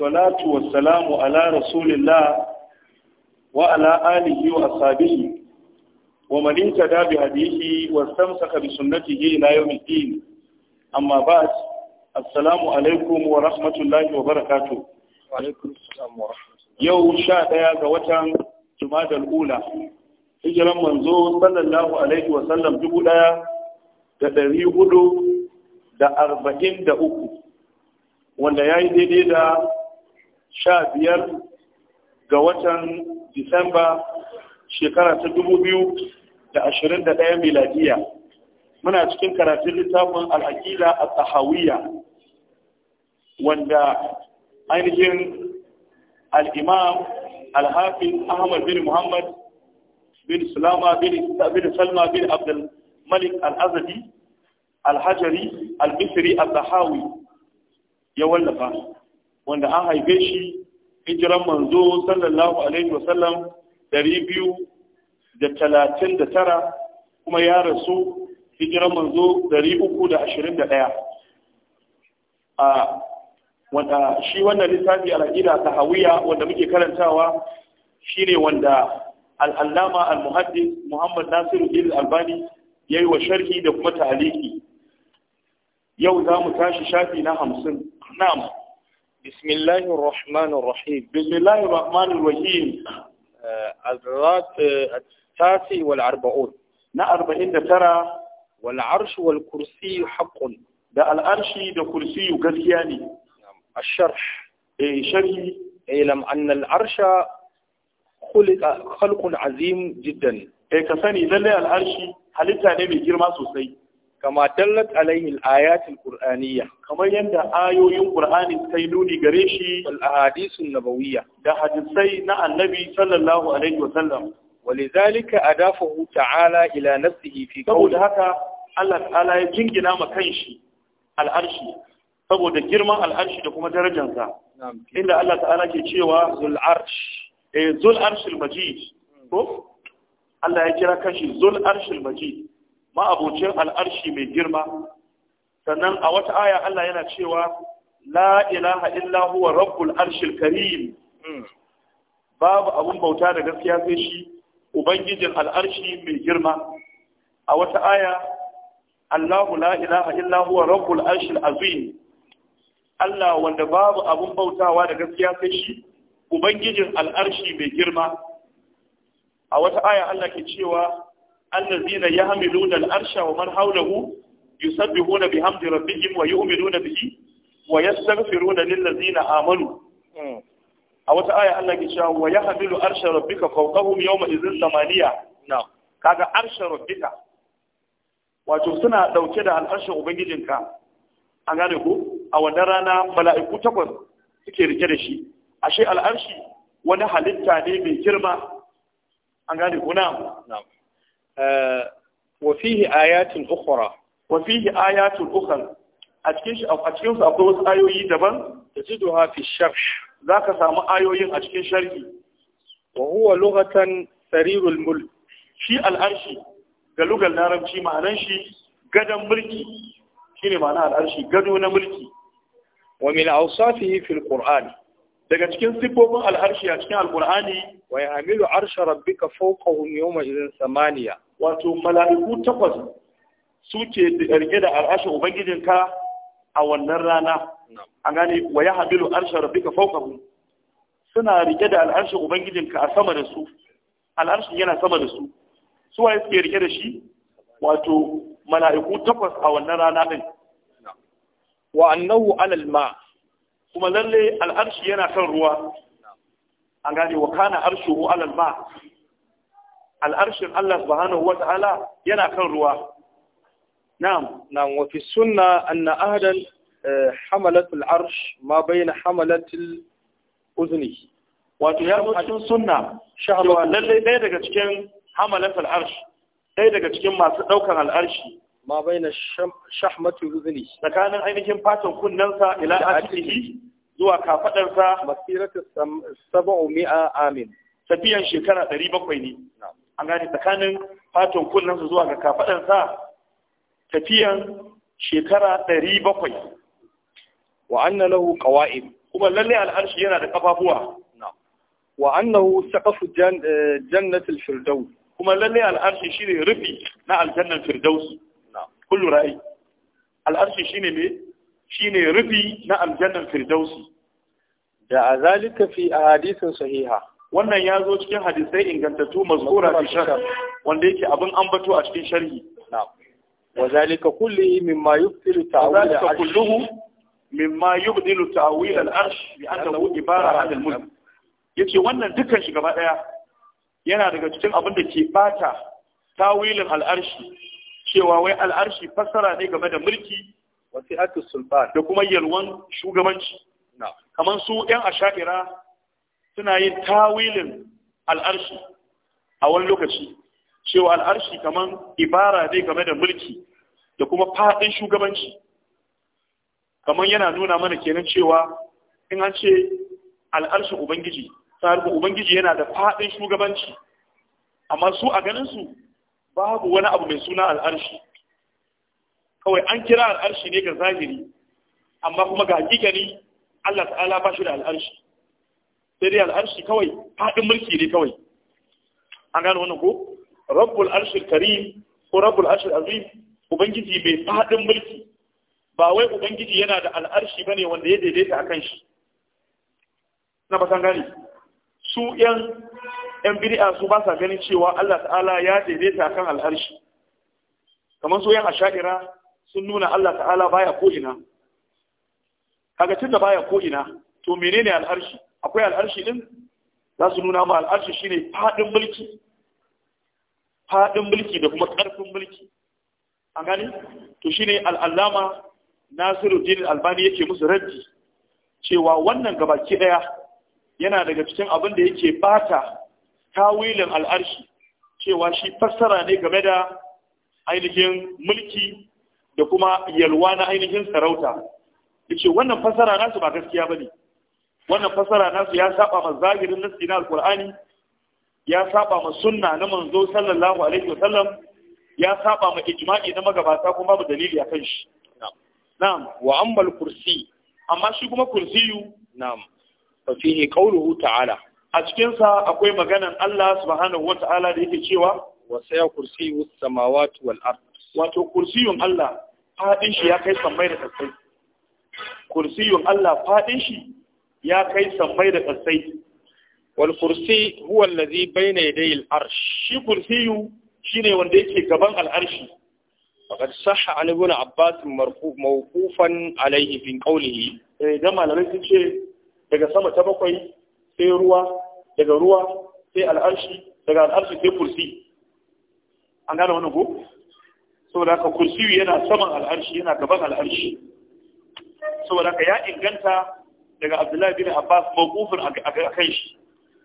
wassalatu wassalamu ala rasulillah wa ala alihi wa ashabihi wa man intada bi hadihi wastamsaka bi sunnatihi ila yawmiddin amma ba'd assalamu alaikum wa rahmatullahi wa barakatuh wa alaikum assalam wa rahmatullahi yau 11 ga watan jumadal ula hijiran manzo sallallahu alaihi wa sallam dubu daya da ɗari hudu da arba'in da uku wanda ya yi daidai da sha biyar ga watan disamba shekara ta dubu biyu da ashirin da ɗaya miladiya muna cikin karatun littafin al'aƙila a tsahawiyya wanda ainihin al'imam alhafin ahmad bin muhammad bin salama bin salma bin abdul malik al'azadi alhajari al-misri al-zahawi ya wallafa wanda an haife shi hijiran manzo sallallahu alaihi wasallam dari biyu da talatin da tara kuma ya rasu hijiran manzo dari uku da ashirin da ɗaya a wanda shi wannan littafi al'aƙida ta hawiya wanda muke karantawa shine wanda al'allama al-muhaddis muhammad nasiru il albani ya yi wa sharhi da kuma ta'aliki yau za mu tashi shafi na hamsin na'am بسم الله الرحمن الرحيم بسم الله الرحمن الرحيم الرات التاسع والأربعون نا أربعين ترى والعرش والكرسي حق ده العرش ده كرسي وقسياني الشرح إيه شرح اعلم أن العرش خلق خلق عظيم جدا إيه كفاني ذلك العرش هل تعني ما سوسي kama dallat alaihi al-ayatul qur'aniyya kamar yadda ayoyin qur'ani sai nuni gare shi al ahadisun nabawiyya da hadisai na annabi sallallahu alaihi wasallam walidhalika adafahu ta'ala ila nafsihi fi qawli haka Allah ta'ala ya jingina ma kanshi al-arshi saboda girman al-arshi da kuma darajarsa inda Allah ta'ala ke cewa zul arsh eh zul arshil majid hmm. ko Allah ya kira kanshi zul arshil majid ma'abucin al'arshi mai girma sannan a wata aya Allah yana cewa la ilaha illa huwa rabbul arshil karim hmm. babu abun bauta da gaskiya sai shi ubangijin al'arshi mai girma a wata aya Allahu la ilaha illa huwa rabbul arshil azim Allah wanda babu abun bautawa da gaskiya sai shi ubangijin al'arshi mai girma a wata aya Allah ke cewa allazina yahmiluna al-arsha wa man hawlahu yusabbihuna bihamdi rabbihim wa yu'minuna bihi wa yastaghfiruna lillazina amanu a wata aya Allah ke cewa wa yahmilu arsha rabbika fawqahum yawma idhin samaniya na kaga arsha rabbika wato suna dauke da al'arshin ubangijinka an gane ku a wannan rana mala'iku takwas suke rike da shi ashe al'arshi wani halitta ne mai girma an gane ku na wa fihi ayatin ukhra wa fihi ayatin ukhra a cikin akwai wasu ayoyi daban da jiduha fi sharh zaka samu ayoyin a cikin sharhi wa huwa lughatan sarirul shi al'arshi ga lugar larabci ma'anan shi gadon mulki shine ma'ana al'arshi gado na mulki wa min awsafihi fil qur'an daga cikin siffofin al'arshi a cikin alkur'ani wa yahmilu arsha rabbika fawqahum yawma idhin samaniya wato mala'iku takwas suke rike da al'arshin ubangijinka a wannan rana an gane wa yahmilu arsha rabbika fawqahum suna rike da al'arshin ubangijinka a sama da su al'arshin yana sama da su su waye suke rike da shi wato mala'iku takwas a wannan rana din wa annahu alal ma' kuma lalle al'arshi yana kan ruwa an gane wa kana arshi alal alalma. al'arshin Allah subhanahu wa ta'ala yana kan ruwa na'am na'am wa fi sunna anna ahadan eh, hamalat al'arsh ma bayna hamalat al'uzni wato ya zo cikin sunna cewa lalle ɗaya daga cikin hamalat al'arsh ɗaya daga cikin masu ɗaukar al'arshi ma baina shahmatu ruzuli tsakanin ainihin fatan kunnensa ila ciki zuwa kafadarsa masiratu sab'u mi'a amin tafiyan shekara 700 ne an gane tsakanin fatan kunnensa zuwa ga kafadarsa tafiyan shekara 700 wa anna lahu qawa'id kuma lalle al'arshi yana da kafafuwa wa annahu saqafu eh, jannatil firdaus kuma lalle al'arshi shine rufi na aljannan firdaus kullu ra'ayi al'arshi shine me shine rufi na aljannan firdausi da azalika fi ahadithin sahiha wannan ya zo cikin hadisai ingantattu mazkura fi shar wanda yake abin ambato a cikin sharhi na'am wa zalika kullu mimma yuftiru ta'wil al'arshi. arsh mimma yubdilu ta'wil al bi annahu ibara an al-mulk yace wannan dukkan shi gaba daya yana daga cikin abin da ke bata tawilin al'arshi. cewa wai al'arshi fassara ne game da mulki da kuma yalwan shugabanci kamar su yan asha'ira suna yin tawilin al'arshi a wani lokaci cewa al'arshi kamar ibara ne game da mulki da kuma faɗin shugabanci kamar yana nuna mana kenan cewa in an ce al'arshi ubangiji tsarin ubangiji yana da faɗin shugabanci amma su a ganin su. babu wani abu mai suna al'arshi kawai an kira al'arshi ne ga zahiri amma kuma ga hakikani Allah ta'ala ba shi da al'arshi sai dai al'arshi kawai faɗin mulki ne kawai an gano wannan ko rabbul arshil karim ko rabbul arshil azim ubangiji mai faɗin mulki ba wai ubangiji yana da al'arshi ne wanda ya daidaita a kan shi na ba san gane su yan yan bid'a su ba sa ganin cewa Allah ta'ala ya daidaita kan al'arshi kamar so yan asha'ira sun nuna Allah ta'ala baya ko ina kaga da baya ko ina to menene al'arshi akwai al'arshi din za su nuna ma al'arshi shine fadin mulki fadin mulki da kuma karfin mulki an gani to shine al'allama Nasiruddin Albani yake musu raddi cewa wannan gabaki ɗaya yana daga cikin abin da yake bata tawilin al'arshi cewa shi fassara ne game da ainihin mulki da kuma yalwa na ainihin sarauta ce wannan fassara nasu ba gaskiya bane wannan fassara nasu ya saba ma zahirin nasi na alqur'ani ya saba ma sunna na manzo sallallahu alaihi wasallam ya saba ma ijma'i na magabata kuma babu dalili akan shi na'am wa ammal kursi amma shi kuma kursiyu na'am fa fihi qawluhu ta'ala a cikinsa akwai maganan Allah subhanahu wa ta'ala da yake cewa Wasu ya kursiyu samawati wal ard wato kursiyun Allah fadin shi ya kai sammai da kasai kursiyun Allah fadin shi ya kai sammai da kasai wal kursi huwa allazi bayna yaday al arsh shi kursiyu shine wanda yake gaban al arshi faqad sahha an ibn abbas marfu mawqufan alayhi bin qawlihi eh da malamai sun ce daga sama ta bakwai sai ruwa daga ruwa sai al'arshi daga al'arshi sai kursi an gane wani ko saboda ka kursi yana saman al'arshi yana gaban al'arshi saboda ka ya inganta daga abdullahi bin abbas mawqufin a kai shi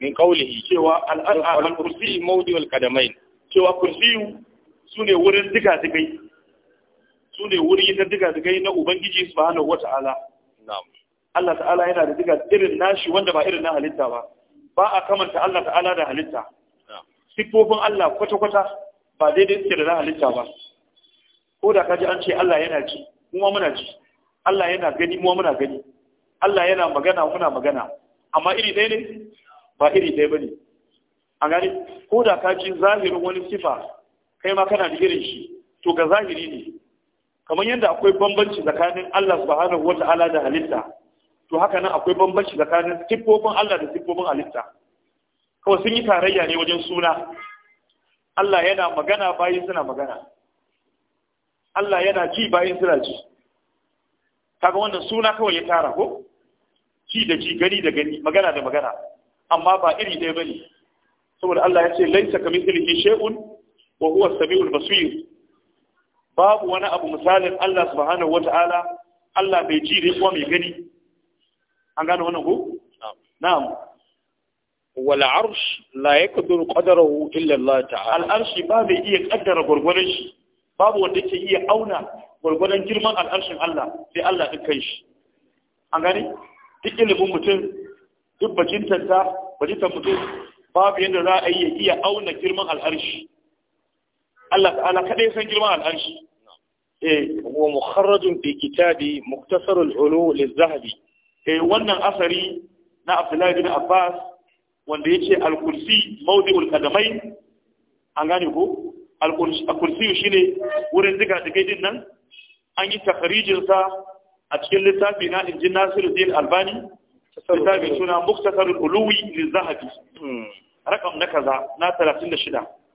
min qawlihi cewa al'arshi kursi mawdi wal qadamain cewa kursi sune wurin diga digai sune wurin diga digai na ubangiji subhanahu wata'ala na'am Allah ta'ala yana da diga irin nashi wanda ba irin na halitta ba ba a kamanta Allah ta'ala da halitta sifofin Allah kwata-kwata ba daidai suke da na halitta ba ko da kaji an ce Allah yana ji kuma muna ji Allah yana gani kuma muna gani Allah yana magana muna magana amma iri ɗaya ne ba iri ɗaya ba ne a gani ko da kaji zahirin wani sifa kai ma kana da irin shi to ga zahiri ne kamar yadda akwai bambanci tsakanin Allah subhanahu wata'ala da halitta to haka nan akwai bambanci tsakanin siffofin Allah da siffofin halitta kawai sun yi tarayya ne wajen suna Allah yana magana bayan suna magana Allah yana ji bayan suna ji kaga wannan suna kawai ya tara ko ji da ji gani da gani magana da magana amma ba iri ɗaya bane saboda Allah ya ce laisa kamithlihi shay'un wa huwa as-sami'ul basir babu wani abu misalin Allah subhanahu wata'ala Allah bai ji ne kuma mai gani an gano wannan ku? na'am wal arsh la yaqdiru qadrahu illa Allah ta'ala al arshi ba zai iya kaddara gurgurun shi babu wanda ke iya auna gurgurun girman al arshin Allah sai Allah din kai shi an gane duk ilimin mutum duk bajintar bajintar mutum babu yadda za a iya iya auna girman al arshi Allah ta'ala kadai san girman al arshi eh wa mukharrajun bi kitabi muktasarul ulu lizahabi eh wannan asari na Abdullahi bin Abbas wanda yace al-kursi mawdi'ul kadamai an gane ko al-kursi shine wurin diga digai din nan an yi takharijin sa a cikin littafi na Injin Nasiruddin Albani littafin suna Muktasarul Uluwi lizahabi hmm. rakam na kaza na 36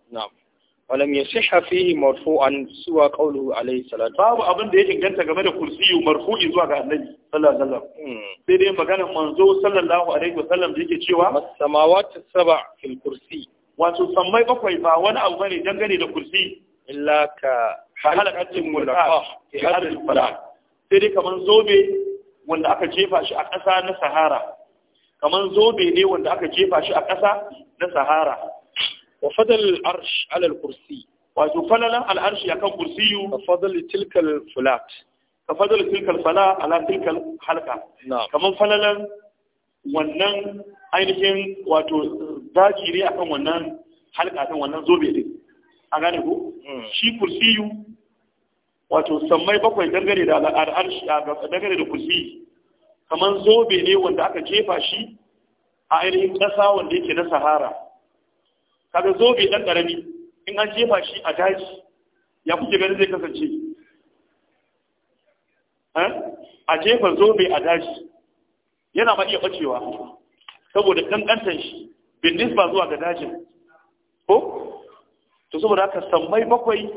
na'am ولم يصح فيه مرفوعا سوى قوله عليه Salatu. babu abin da ya inganta game da kursiyu marfu'i zuwa ga annabi sallallahu alaihi wasallam hmm. sai dai magana manzo sallallahu alaihi wasallam da yake cewa samawati sab'a fil kursi wato bakwai ba wani abu bane dangane da kursi illa ka halakatin mulaka fi hadal falak sai dai kaman zobe a kaman zobe ne wanda aka jefa shi a ƙasa na sahara wa fadal arsh ala kursi wato falalan al'arshi akan kursiyu ka fadal tilkal fulat ka fadal tilkal fala ala tilkal halka kamar falalan wannan ainihin wato zaki ne akan wannan halka kan wannan zobe din a gane ko shi kursiyu wato sammai bakwai dangane da al'arshi dangane da kursiyi kamar zobe ne wanda aka jefa shi a ainihin ƙasa wanda yake na sahara kaga zobe dan karami in an jefa shi a daji ya kuke ganin zai kasance eh? a jefa zobe a daji yana ma iya bacewa saboda kankantan shi bin ba zuwa ga dajin ko to saboda haka sammai bakwai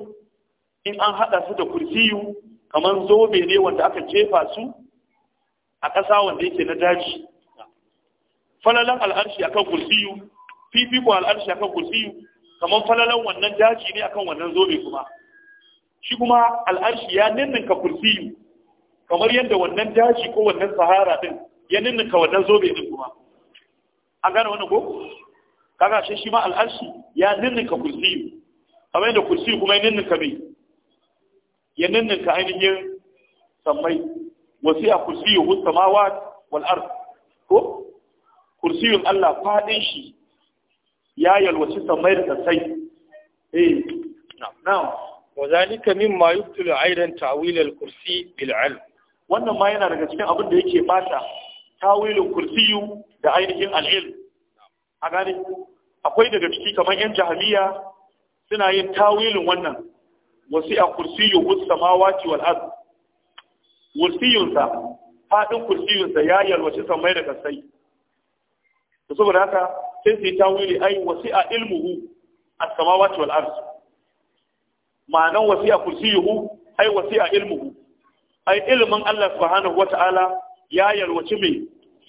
in an hada su da kursiyu kamar zobe ne wanda aka jefa su a ƙasa wanda yake na daji falalan al'arshi akan kursiyu fifiko al'arshi akan kursi kamar falalan wannan daji ne akan wannan zobe kuma shi kuma al'arshi ya ninninka kursi kamar yadda wannan daji ko wannan sahara din ya ninninka wannan zobe din kuma an gane wannan ko kaga shi shi ma al'arshi ya ninninka kursi. kamar yadda kursi kuma ya ninninka mai ya ninninka ainihin sammai wasiya kursi hus samawat wal ard ko kursiyun Allah fadin shi ya yalwaci samai da sai eh na'am wa zalika mimma yubtilu aidan ta'wil al-kursi bil ilm wannan ma yana daga cikin abin da yake bata tawilin kursiyu da ainihin al-ilm a gani. akwai daga ciki kamar yan jahiliya suna yin tawilin wannan wasi a kursiyu wus samawati wal ard kursiyunsa fadin kursiyunsa ya yalwaci samai da sassai saboda haka sai sai yi wuri ai wasi'a ilmuhu as-samawati wal ard ma'anan wasi'a kursiyuhu ai wasi'a ilmuhu ai ilmin Allah subhanahu wata'ala ya yalwaci mai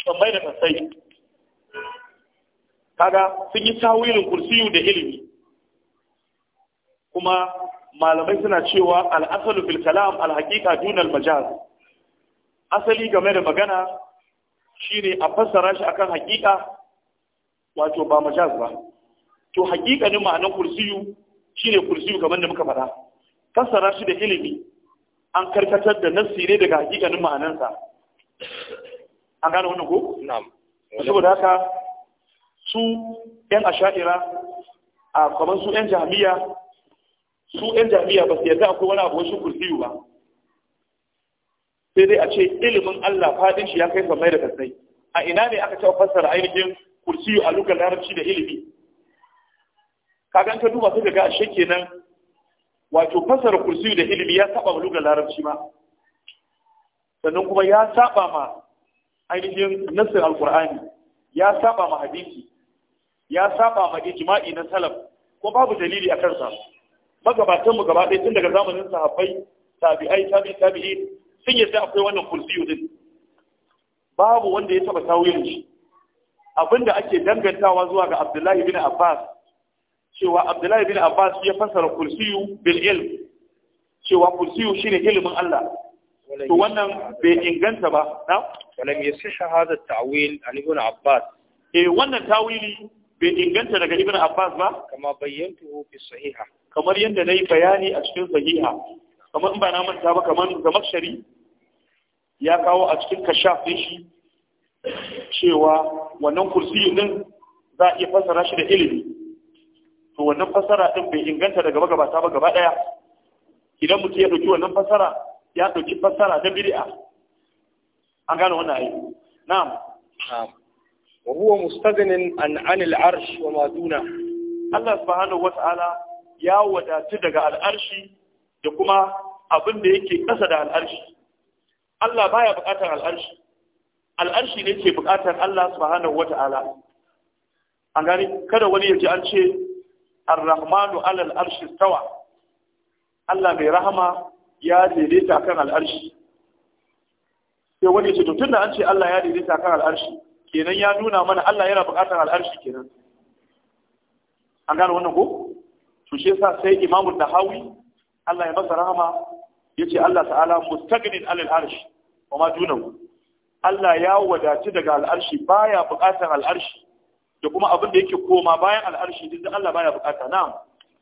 tsammai da sai. kaga sun yi tawilin kursiyu da ilimi kuma malamai suna cewa al'asalu fil kalam al-haqiqa dunal majaz asali game da magana shine a fassara shi akan haƙiƙa wato ba majaz ba to hakikanin ma'anar kursiyu shine kursiyu kamar da muka faɗa fassara shi da ilimi an karkatar da nasire daga hakikanin ma'anarsa. an gane wannan ko na'am saboda haka su yan asha'ira a kamar su yan jami'a su yan jami'a ba su yarda akwai wani abu wasu kursiyu ba sai dai a ce ilimin Allah fadin shi ya kai samai da kasai a ina ne aka taɓa fassara ainihin kursiyu a lugar larabci da ilimi kagan ka duba sai ga ashe kenan wato fasara kursiyu da ilimi ya saba lugar larabci ma sannan kuma ya saba ma ainihin nasir alkur'ani ya saba ma hadisi ya saba ma ijma'i na salaf ko babu dalili a kansa magabatan mu gaba ɗaya tun daga zamanin sahabbai tabi'ai tabi'i tabi'i sun yadda akwai wannan kursiyu din babu wanda ya taba tawilin shi abinda ake dangantawa zuwa ga Abdullahi bin Abbas cewa Abdullahi bin Abbas ya fasara kursiyu bil ilm cewa kursiyu shine ilimin Allah to wannan bai inganta ba na walam yasihha hadha at-ta'wil an ibn Abbas eh wannan tawili bai inganta daga ibn Abbas ba kama bayyantu fi sahiha kamar yanda nayi bayani a cikin sahiha kamar in ba na manta ba kamar makshari ya kawo a cikin kashaf shi cewa wannan kursi din za a iya fasara shi da ilimi to wannan fasara din bai inganta daga magabata ba gaba daya idan mutum ya dauki wannan fasara, ya dauki fasara ta bid'a an gane wannan ayi na'am wa huwa mustaghnin an anil arsh wa ma duna Allah subhanahu wata'ala ya wadatu daga al'arshi da kuma abin da yake kasa da al'arshi Allah baya bukatar al'arshi al'arshi ne ke buƙatar Allah subhanahu wata'ala an gani kada wani ya ji an ce al rahmanu alal arshi stawa Allah mai rahama ya daidaita kan al'arshi sai wani ya ce to da an ce Allah ya daidaita kan al'arshi kenan ya nuna mana Allah yana buƙatar al'arshi kenan an gani wannan ko to shi yasa sai imamu dahawi Allah ya masa rahama ce Allah ta'ala mustaqnin alal arshi wa ma dunahu Allah ya wadaci daga al'arshi ba ya buƙatar al'arshi da kuma abin da yake koma bayan al'arshi duk Allah baya buƙata na'am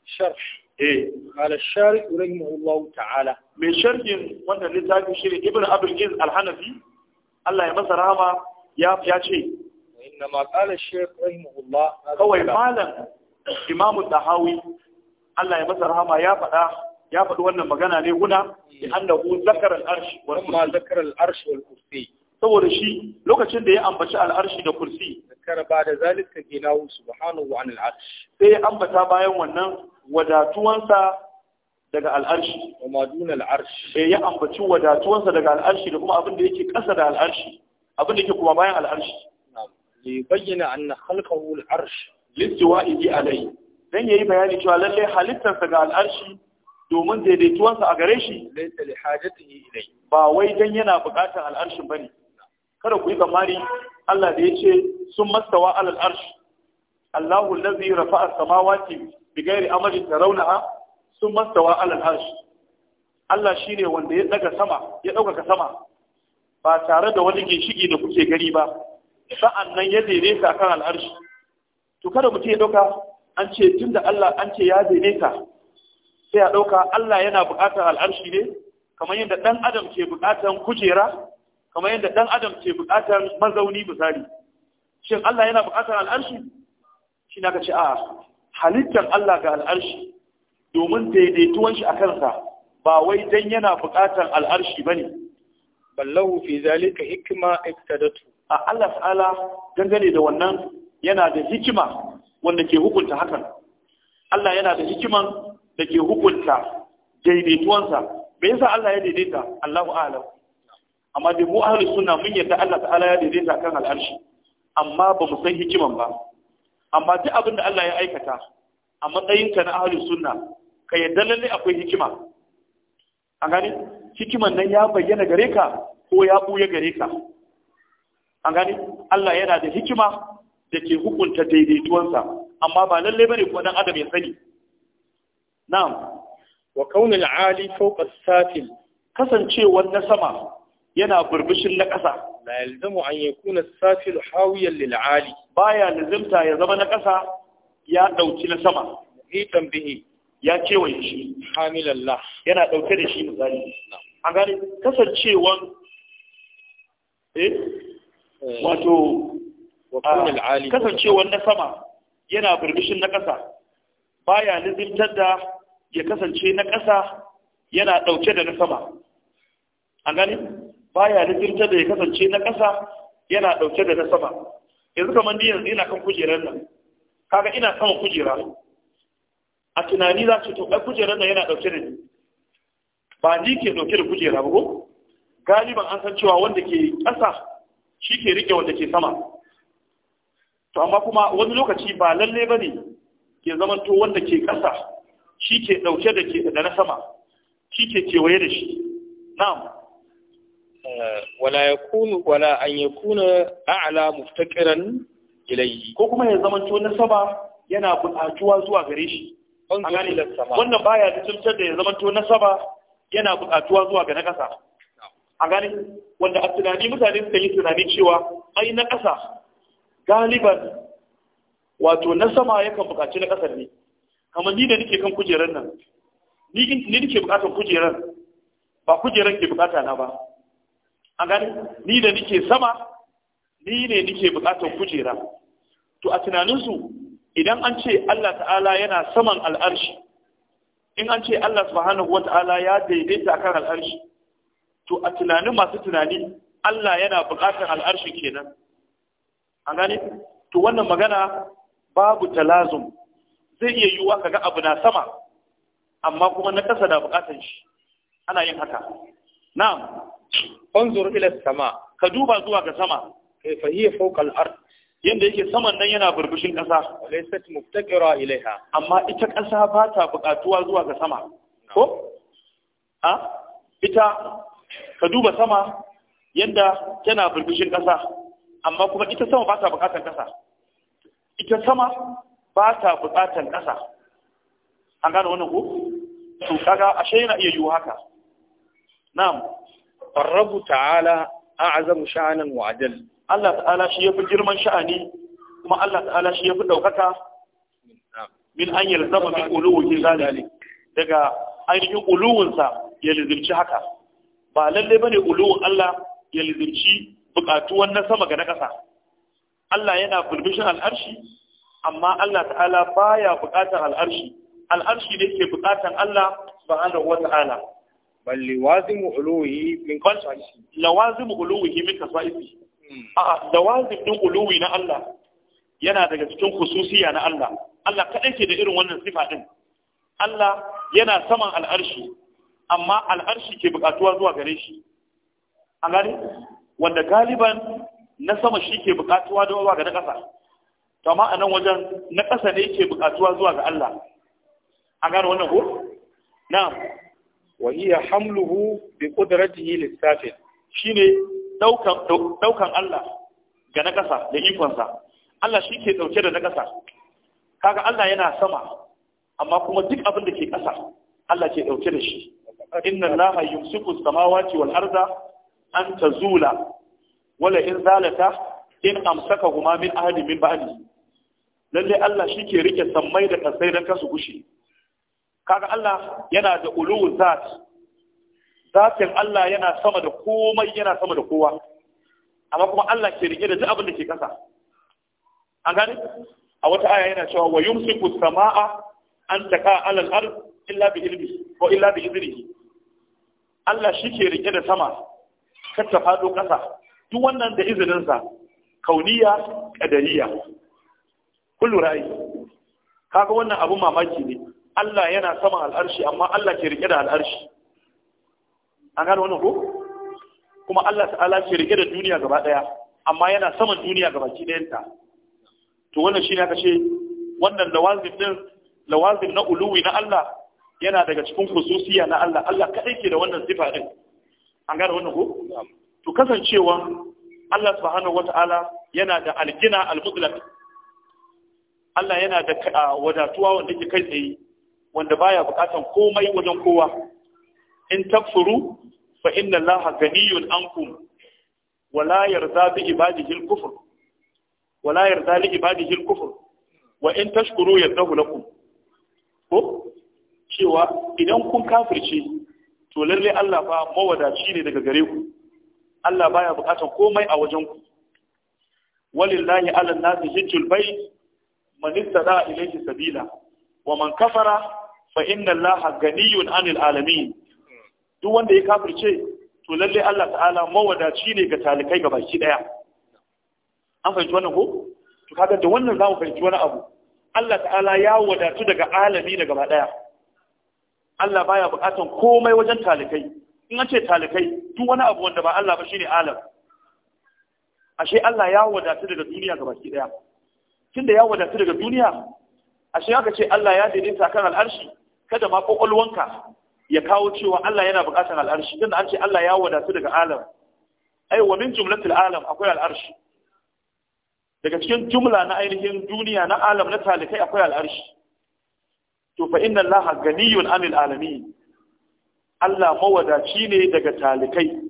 sharh eh mai sharhin wannan littafin shi Ibn Abdul Alhanafi, Allah ya masa rahama ya ce kawai malam Imam Tahawi Allah ya masa rahama ya faɗa ya faɗi wannan magana ne guda bi hmm. annahu zakara al-arsh wa zakara al wal kursi saboda shi lokacin da ya ambaci al'arshi da kursi zakara ba da zalika ginahu subhanahu an al'arsh sai ya ambata bayan wannan wadatuwansa daga al'arshi wa madun al'arsh sai eh, ya ambaci wadatuwansa daga al'arshi da kuma abin da yake kasa da al'arshi abin da yake kuma bayan al'arshi li bayyana anna khalqahu al'arsh listiwa'ihi alayhi dan yayi bayani cewa lalle halittarsa ga al'arshi domin daidaituwansa a gare shi laysa li hajatihi ilai. ba wai dan yana buƙatar al'arshin bane kada ku yi tsammani Allah da ya ce sun mastawa alal arsh Allahu allazi rafa'a samawati bi ghairi amalin tarawnaha sun mastawa alal arsh Allah shine wanda ya daga sama ya sama ba tare da wani ginshiki da kuke gari ba nan ya daidaita akan al'arshi to kada mutum ya ɗauka an ce da Allah an ce ya daidaita sai a ɗauka Allah yana buƙatar al'arshi ne kamar yadda dan adam ke buƙatar kujera kamar yadda dan adam ke bukatar mazauni misali shin Allah yana bukatar al'arshi shi na ka ce a halittar Allah ga al'arshi domin daidaituwan shi a kansa ba wai dan yana bukatar al'arshi bane ballahu fi zalika hikma iktadatu a Allah ta'ala dangane da wannan yana da hikima wanda ke hukunta hakan Allah yana da hikiman da ke hukunta daidaituwansa me yasa Allah ya daidaita Allahu a'lam amma dai mu ahli sunna mun yadda Allah ta'ala ya daidaita kan al'arshi amma ba mu san hikiman ba amma duk abin da Allah ya aikata a matsayin ka na ahli sunna ka yadda lalle akwai hikima a gani hikiman nan ya bayyana gare ka ko ya buya gare ka a gani Allah yana da hikima da ke hukunta daidaituwansa amma ba lalle bane ko dan adam ya sani na'am wa kaunul ali fawqa as-safil kasancewar na sama yana burbushin na ƙasa la yalzamu an yakuna safil hawiyan lil ali baya lazimta ya zama na ƙasa ya dauki na sama hitan bihi ya kewaye shi hamilallah yana dauke da shi misali an gane kasancewan eh, eh. wato ah, kasancewan na sama yana burbushin na ƙasa baya lazimtar da ya kasance na ƙasa yana dauke da na sama an gane baya ta da ya kasance na ƙasa yana ɗauke da na sama yanzu kamar ni yanzu ina kan kujerar nan kaga ina sama kujera a tunani za su tuɓa kujerar nan yana ɗauke da ni ba ni ke ɗauke da kujera ba ko galiban an san cewa wanda ke ƙasa shi ke riƙe wanda ke sama to amma kuma wani lokaci ba lalle ba ne ke to wanda ke ƙasa shi ke ɗauke da na sama shi ke kewaye da shi na'am wala yakunu wala an yakuna a'la muftaqiran ilayhi ko kuma ya zama to nasaba yana buƙatuwa zuwa gare shi wannan baya da tuntar da ya zama to nasaba yana buƙatuwa zuwa ga na ƙasa a gani wanda a tunani mutane suka yi tunani cewa ai na ƙasa galiban wato na sama yakan buƙaci na ƙasar ne kamar ni da nake kan kujerar nan ni nake buƙatar kujerar ba kujerar ke buƙata na ba a gani ni da nike sama ni ne nike bukatar kujera to a tunaninsu idan an ce Allah ta'ala yana saman al'arshi in an ce Allah subhanahu wata'ala ya daidaita kan al'arshi to a tunanin masu tunani Allah yana bukatar al'arshi kenan a gani to wannan magana babu talazum zai iya yiwuwa kaga abu na sama amma kuma na kasa da bukatar shi ana yin haka na'am fanzur ila sama ka duba zuwa ga sama kai fa fokal fawqa Yadda ard yanda yake saman nan yana burbushin kasa walaysat muftaqira ilaiha amma ita kasa ba ta buƙatuwa zuwa ga sama ko a ita ka duba sama yanda tana burbushin kasa amma kuma ita sama ba ta buƙatan kasa ita sama ba ta buƙatan kasa an gane wannan ko to kaga ashe yana iya yiwu haka na'am farrabu ta'ala a'azamu sha'anan wa adal Allah ta'ala shi yafi girman sha'ani kuma Allah ta'ala shi yafi daukaka min an yalzama min uluwi daga ainihin uluwinsa ya lizirci haka ba lalle ne uluwun Allah ya lizirci buƙatu wannan sama ga na ƙasa Allah yana bulbishin al'arshi amma Allah ta'ala baya bukatar al'arshi al'arshi ne ke buƙatar Allah subhanahu wa ta'ala bal lawazimu uluhi min khasaisi lawazimu uluhi min khasaisi a lawazim din uluhi na Allah yana daga cikin khususiya na Allah Allah kadai ke da irin wannan sifa din Allah yana saman al'arshi amma al'arshi ke bukatuwa zuwa gare shi A gani wanda galiban na sama shi ke bukatuwa zuwa ga na ƙasa to amma a nan wajen na ƙasa ne ke bukatuwa zuwa ga Allah A gani wannan ko na'am wa hiya hamluhu bi qudratihi lisafil shine daukan Allah ga na ƙasa da ikonsa Allah shi ke ɗauke da na ƙasa. kaga Allah yana sama amma kuma duk abin da ke ƙasa, Allah ke ɗauke da shi inna allaha yumsiku samawati wal arda an tazula wala in zalata in huma min ahadin min ba'di lalle Allah shi ke rike sammai da kasai dan kasu gushi kaga Allah yana da uluwul zat zatin Allah yana sama da komai yana sama da kowa amma kuma Allah ke rike da duk abin da ke kasa an gane a wata aya yana cewa wa yumsiku samaa an taka alal ard illa bi ilmi ko illa bi Allah shi ke rike da sama kar ta fado kasa duk wannan da izinin sa kauniya kadariya kullu rai kaga wannan abun mamaki ne Allah yana sama al'arshi amma Allah ke riƙe da al'arshi an gano wannan ko kuma Allah ta'ala ke riƙe da duniya gaba daya amma yana saman duniya gaba ki dayanta to wannan shi ne aka ce wannan lawazim ɗin, lawazim na uluwi na Allah yana daga cikin kususiya na Allah Allah kadai ke da wannan sifa din an gano wannan ko to kasancewa Allah subhanahu wata'ala yana da algina al-mutlaq Allah yana da ah, wadatuwa wanda ke kai tsaye wanda baya bukatan komai wajen kowa in takfuru fa inna allaha ganiyun ankum wala yarda bi ibadihi al-kufr wala yarda li ibadihi al-kufr wa in tashkuru yadahu lakum ko cewa idan kun kafirce to lalle Allah ba mawadaci ne daga gare ku Allah baya bukatan komai a wajen ku walillahi ala nasi hijjul bayt man istada ilayhi sabila wa man kafara fa inna allaha ganiyun anil alamin duk wanda ya kafirce to lalle Allah ta'ala mawadaci ne ga talikai gabaki daya an fahimci wannan ko to kaga da wannan zamu fahimci wani abu Allah ta'ala ya wadatu daga alami da gaba daya Allah baya bukatan komai wajen talikai in an ce talikai duk wani abu wanda ba Allah ba shine alam ashe Allah ya wadatu daga duniya gabaki daya tunda ya wadatu daga duniya ashe aka ce Allah ya daidaita kan al'arshi kada ma kwakwalwanka ya kawo cewa Allah yana buƙatar al'arshi dan an ce Allah ya wadatu daga alam ai wa min jumlatil alam akwai al'arshi daga cikin jumla na ainihin duniya na alam na talikai akwai al'arshi to fa inna Allah ganiyun anil alamin Allah mawadaci ne daga talikai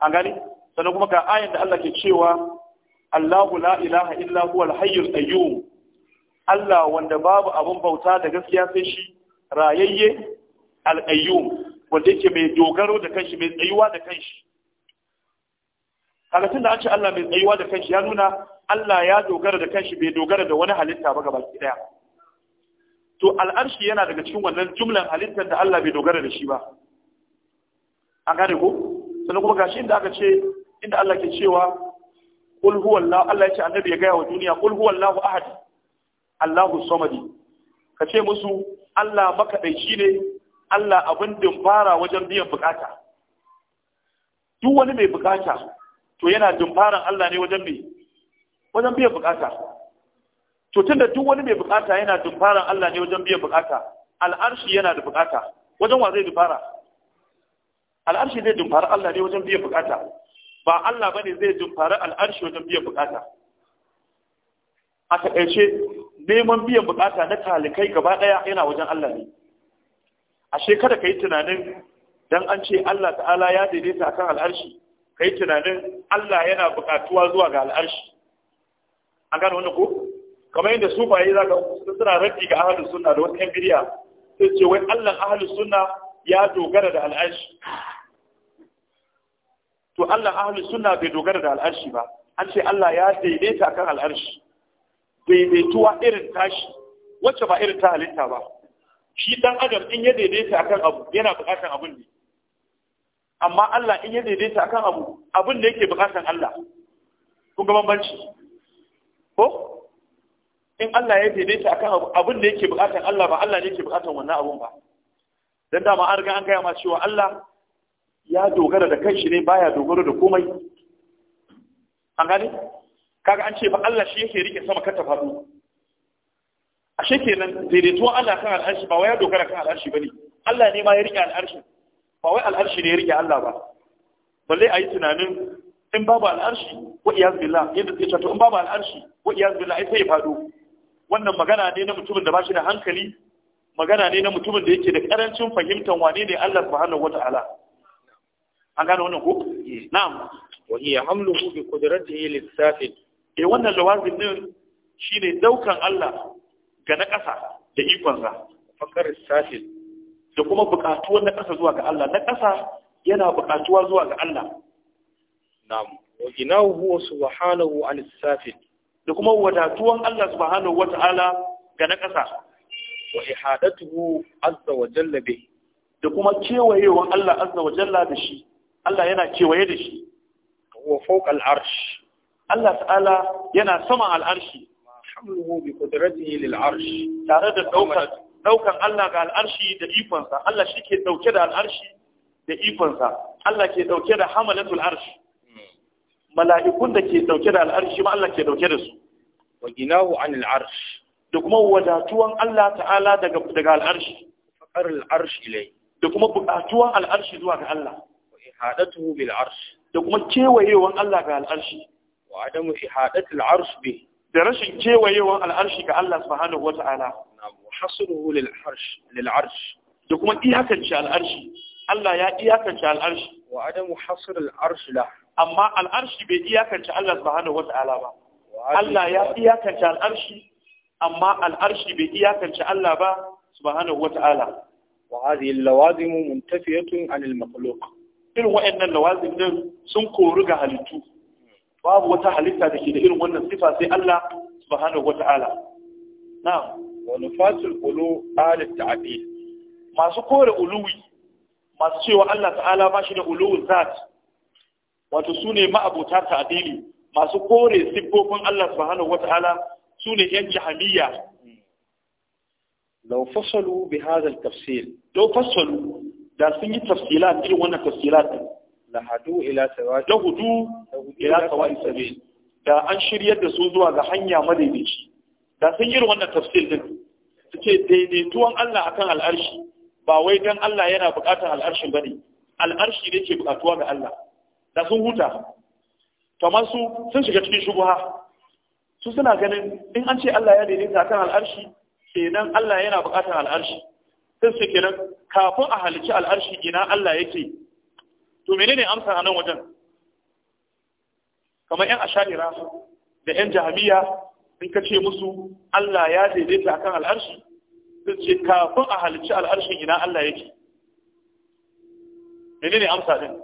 an gani sannan kuma ga ayin da Allah ke cewa Allahu la ilaha illa huwal hayyul qayyum Allah wanda babu abun bauta da gaskiya sai shi rayayye alƙayyum wanda yake mai dogaro da kanshi mai tsayuwa da kanshi halittun da an ce Allah mai tsayuwa da kanshi ya nuna Allah ya dogara da kanshi bai dogara da wani halitta ba gabaki daya to al'arshi yana daga cikin wannan jumlan halittar da Allah bai dogara da shi ba an gane ko sannan kuma gashi inda aka ce inda Allah ke cewa qul huwallahu Allah ya ce annabi ya gaya wa duniya qul huwallahu ahad Allahu samadi ka ce musu Allah shi ne Allah abin dimfara wajen biyan bukata duk wani mai bukata to yana dumfaran Allah ne wajen mai wajen biyan bukata to tunda duk wani mai bukata yana dumfaran Allah ne wajen biyan bukata al'arshi yana da bukata wajen wa zai dimfara? al'arshi zai dimfara Allah ne wajen biyan bukata ba Allah bane zai dimfara al'arshi wajen biyan bukata a taƙaice. neman biyan bukata na talikai gaba daya yana wajen Allah ne ashe kada kai tunanin dan an ce Allah ta'ala ya daidaita akan al'arshi kai tunanin Allah yana bukatuwa zuwa ga al'arshi an gane wani ko kamar yadda su yi za ka suna raddi ga ahlus sunna da wasu yan bidiya sai ce wai Allah ahlus sunna ya dogara da al'arshi to Allah ahlus sunna bai dogara da al'arshi ba an ce Allah ya daidaita akan al'arshi daidaituwa irin tashi wacce ba irin ta halitta ba shi dan adam in ya daidaita akan abu yana bukatan abun ne amma Allah in ya daidaita akan abu abun da yake bukatan Allah kun ga bambanci ko in Allah ya daidaita akan abu abun da yake bukatan Allah ba Allah ne yake bukatan wannan abun ba dan dama an riga an gaya ma cewa Allah ya dogara da kanshi ne baya dogara da komai an gane kaga an ce ba Allah shi yake rike sama kata faɗo A shekenan daidaituwan Allah kan al'arshi ba wai ya dogara kan al'arshi ba ne? Allah ne ma ya rike al'arshi ba wai al'arshi ne ya rike Allah ba balle ayi tunanin in babu al'arshi wa iyaz billah yadda zai cato in babu al'arshi wa iyaz billah ai sai ya faɗo wannan magana ne na mutumin da ba shi da hankali magana ne na mutumin da yake da karancin fahimtar wane ne Allah subhanahu wata'ala an gane wannan ko na'am wa hiya hamluhu bi qudratihi lis-safil eh wannan lawazim din shine daukan Allah ga na ƙasa da ikonsa fakar sahil da kuma buƙatuwar na ƙasa zuwa ga Allah na ƙasa yana buƙatuwa zuwa ga Allah na'am wa ginahu huwa subhanahu an safil da kuma wadatuwar Allah subhanahu wata'ala ga na ƙasa wa ihadatuhu azza wa jalla bi da kuma kewayewan Allah azza wa jalla da shi Allah yana kewaye da shi wa fawqa al-arsh Allah ta'ala yana saman al'arshi hamluhu bi qudratihi lil arsh tare da ɗaukan Allah ga al'arshi da ikonsa Allah shi ke ɗauke da al'arshi da ikonsa Allah ke ɗauke da hamalatul arsh hmm. mala'ikun da ke ɗauke da al'arshi ma Allah ke ɗauke da su wa ginahu anil arsh da kuma wadatuwan Allah ta'ala daga daga al'arshi faqar al'arsh ilai da kuma buƙatuwan al'arshi zuwa ga Allah wa ihadatuhu bil arsh da kuma kewayewan Allah ga al'arshi wa adamu ihadatul arsh bi da rashin kewayewan al'arshi ga Allah subhanahu na hasruhu lil arsh da kuma iyakance al'arshi Allah ya iyakance al'arshi wa adamu hasr al'arshi la amma al'arshi bai iyakance Allah subhanahu ba Allah ya iyakance al'arshi amma al'arshi bai iyakance Allah ba subhanahu wata'ala wa hadhihi al-lawazim muntafiyatun 'anil makhluq irin sun kori ga halittu babu wata halitta da ke da irin wannan sifa sai Allah subhanahu wata'ala na'am wa nufatul qulu ta'dil masu kore uluwi masu cewa Allah ta'ala ba shi da uluwul zat wato sune ma'abuta ta'dili masu kore siffofin Allah subhanahu wata'ala sune yan jahamiyya law fasalu bi hadha al-tafsil law fasalu da sun yi tafsilat irin wannan tafsilat lahudu ila sawa'i sabil da an shiryar da su zuwa ga hanya madaidaici da sun yi wannan tafsir din suke daidaituwan Allah akan al'arshi ba wai dan Allah yana bukatar al'arshin bane al'arshi ne ke bukatuwa ga Allah da sun huta kamar su sun shiga cikin shubuha su suna ganin in an ce Allah ya daidaita akan al'arshi kenan Allah yana bukatar al'arshi sai su kenan kafin a halici al'arshi ina Allah yake to menene amsa a nan wajen kamar yan asha'ira da yan jahamiya in ka ce musu Allah ya daidaita akan al'arshi sun ce kafin a halicci al'arshin ina Allah yake menene amsa din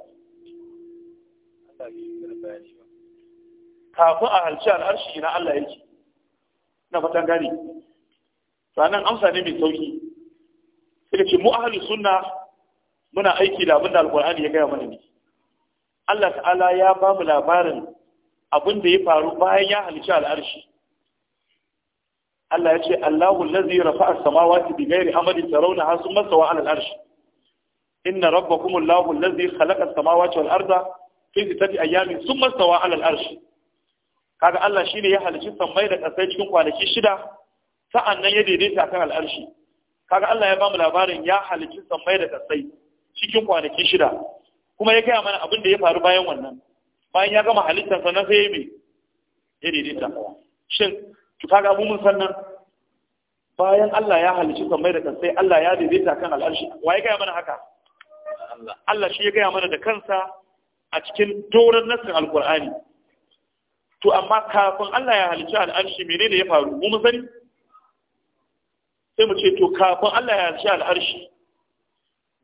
kafin a halicci al'arshi ina Allah yake na fatan gani sanan amsa ne mai sauki suka ce mu ahli sunna muna aiki da abin da alkur'ani ya gaya mana ne Allah ta'ala ya ba mu labarin abin da ya faru bayan ya halicci al'arshi Allah ya ce Allahu allazi rafa'a samawati bi ghairi amadin tarawna hasu masawa 'ala al'arshi inna rabbakum Allahu allazi khalaqa samawati wal arda fi sittati ayamin thumma stawa 'ala al'arshi kaga Allah shine ya halicci samai da ƙasai cikin kwanaki shida sa'annan ya daidaita kan al'arshi kaga Allah ya bamu labarin ya halicci samai da ƙasai cikin kwanaki shida kuma ya gaya mana abin da ya faru bayan wannan bayan ya gama halittar sannan sai ya mai ya daidaita shin ka ga mun sannan bayan Allah ya halicci sammai da sai Allah ya daidaita kan al'arshi wa ya gaya mana haka Allah shi ya gaya mana da kansa a cikin doron nassin alkur'ani to amma kafin Allah ya halicci al'arshi menene ya faru mu sani sai mu ce to kafin Allah ya halicci al'arshi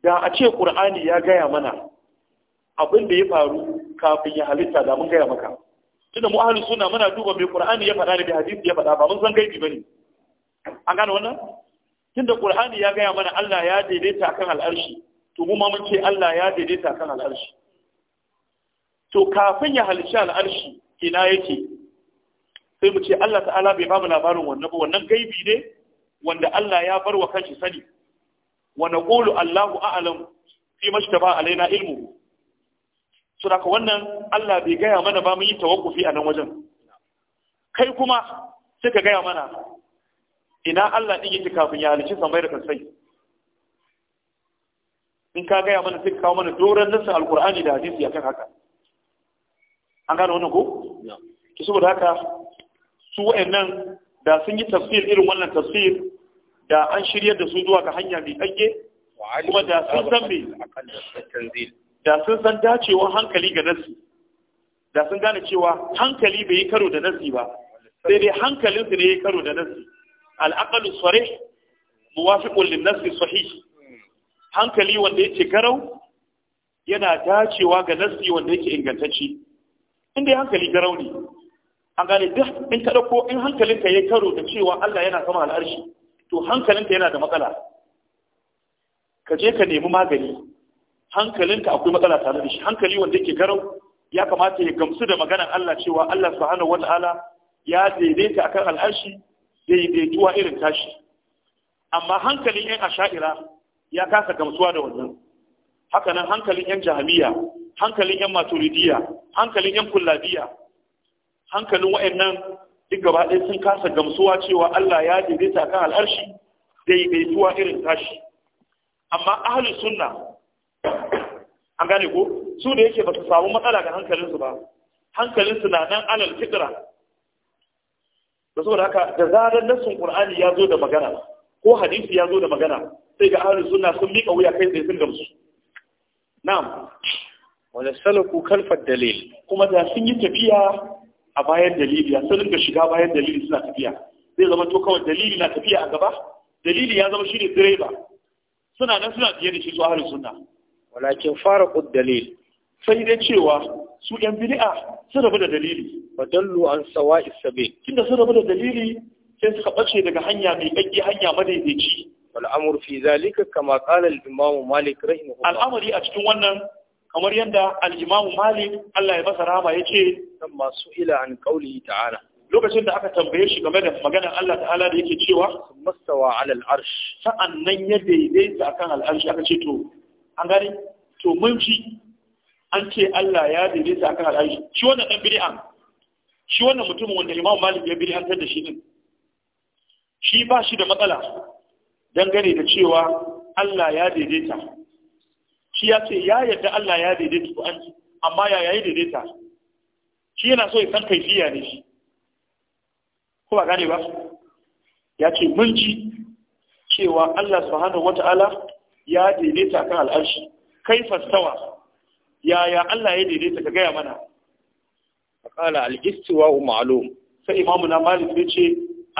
da a ce ƙur'ani ya gaya mana abin da ya faru kafin ya halitta da mun gaya maka tunda mu ahli sunna muna duba mai ƙur'ani ya faɗa da bi hadisi ya faɗa ba mun san gaibi bane an gane wannan tunda ƙur'ani ya gaya mana Allah ya daidaita kan al'arshi to mu ma mun ce Allah ya daidaita kan al'arshi to kafin ya halitta al'arshi ina yake sai mu ce Allah ta'ala bai ba mu labarin wannan ba wannan gaibi ne wanda Allah ya bar wa kanshi sani wa naqulu Allahu a'lam fi mashtaba alaina ilmu so daga wannan Allah bai gaya mana ba mun yi tawakkufi a nan wajen kai kuma sai ka gaya mana ina Allah din yake kafin ya halicci samai da kansai in ka gaya mana sai ka kawo mana doron nasin alkur'ani da hadisi akan haka an gane wannan ko ki saboda haka su wayannan da sun yi tafsir irin wannan tafsir da an shiryar da su zuwa ga hanya mai tsage kuma da sun san mai da sun san dacewa hankali ga nasi da sun gane cewa hankali bai yi karo da nasi ba sai dai hankalinsu ne ya yi karo da nasi al'aqalu sarih muwafiqun lin nasi sahih hankali wanda yake garau yana dacewa ga nasi wanda yake ingantacce inda hankali garau ne an gane duk in ka dauko in hankalinka ya karo da cewa Allah yana sama al'arshi to hankalinka yana da matsala ka je ka nemi magani hankalinka akwai matsala tare da shi hankali wanda yake garau ya kamata ya gamsu da maganar Allah cewa Allah subhanahu ta'ala ya daidaita akan al'arshi daidaituwa irin tashi amma hankalin yan asha'ira ya kasa gamsuwa da wannan haka nan hankalin yan jahamiya hankalin yan maturidiya hankalin yan kullabiya hankalin waɗannan. duk gaba ɗaya sun kasa gamsuwa cewa Allah ya daidaita kan al'arshi daidaituwa irin tashi amma ahli sunna an gane ko su da yake ba su samu matsala ga hankalinsu ba hankalinsu na nan alal fitra da saboda haka da zarar nassin qur'ani ya zo da magana ko hadisi ya zo da magana sai ga ahli sunna sun mika wuya kai tsaye sun gamsu na'am wala salaku kalfa dalil kuma da sun yi tafiya a bayan dalili a sun rinka shiga bayan dalili suna tafiya zai zama to kawai dalili na tafiya a gaba dalili ya zama ne direba suna nan suna biye da shi su ahlus sunna walakin faraqu dalil sai dai cewa su yan bid'a sun rabu da dalili wa dallu an sawa'i sabil kinda sun rabu da dalili sai suka bace daga hanya mai kakki hanya madaidaici wal amru fi zalika kama qala al imam malik rahimahullah al amri a cikin wannan kamar yadda al’imamu imam Malik Allah ya masa ya ce. dan masu ila an qaulihi ta'ala lokacin da aka tambaye shi game da maganar Allah ta'ala da yake cewa masawa ala al Sa'an nan ya daidaita akan al-arsh aka ce to an gani to mun ci an ce Allah ya daidaita akan al-arsh shi wannan dan bid'an shi wannan mutumin wanda imamu Malik ya bid'antar da shi din shi ba shi da matsala dangane da cewa Allah ya daidaita shi ya ce ya yadda Allah ya daidaita ku an amma ya yayi daidaita shi yana so ya san kaifiya ne shi ko ba gane ba ya ce mun ji cewa Allah subhanahu wata'ala ya daidaita kan al'arshi fastawa ya yaya Allah ya daidaita ka gaya mana qala al-istiwa ma'lum sai imamu na malik ya ce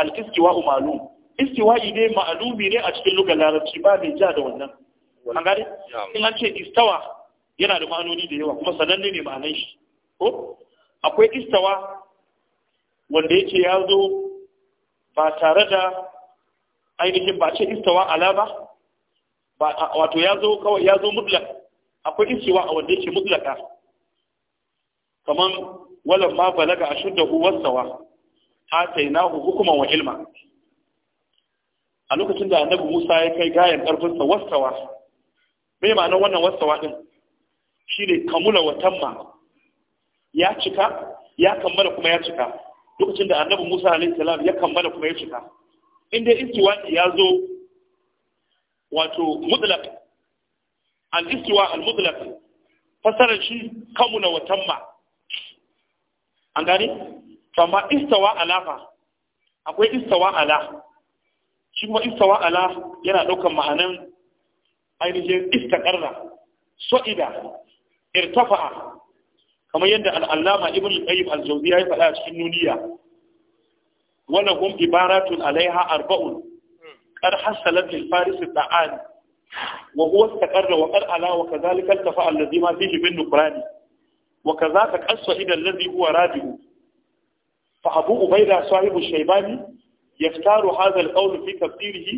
al-istiwa ma'lum istiwa ne ma'lumi ne a cikin lugar larabci ba mai ja da wannan an gane in an ce istawa yana da ma'anoni da yawa kuma sananne ne ma'anan shi ko akwai istawa wanda yake ya zo ba tare da ainihin ba ce istawa ala ba wato ya zo kawai ya zo mutlak akwai istawa a wanda yake mutlaka Kamar walan ma balaga ashuddahu wasawa atainahu hukuma wa ilma a lokacin da annabi Musa ya kai gayan karfinsa wasawa Mai ma'anar wannan wasawa shi ne kamula watan ma ya cika ya kammala kuma ya cika lokacin da annabi Musa alaihi salam ya kammala kuma ya cika inda istiwa ya zo wato mutlak al-istiwa al mutlak fasarar shi kamula watan ma an gane amma istawa alafa akwai istawa ala shi kuma istawa ala yana ɗaukar ma'anan ainihin istakarna su'ida irtafa'a kamar yadda al'allama ibn al-qayyim al-jawzi ya faɗa cikin nuniya wala hum ibaratun alaiha arba'un qad hasalat al-faris al-da'an wa huwa istaqarra wa qad ala wa kadhalika al-tafa'a alladhi ma fihi min nuqrani wa kadhalika as-su'ida alladhi huwa radihu fa abu ubayda sahibu shaybani yaftaru hadha al-qawl fi tafsirihi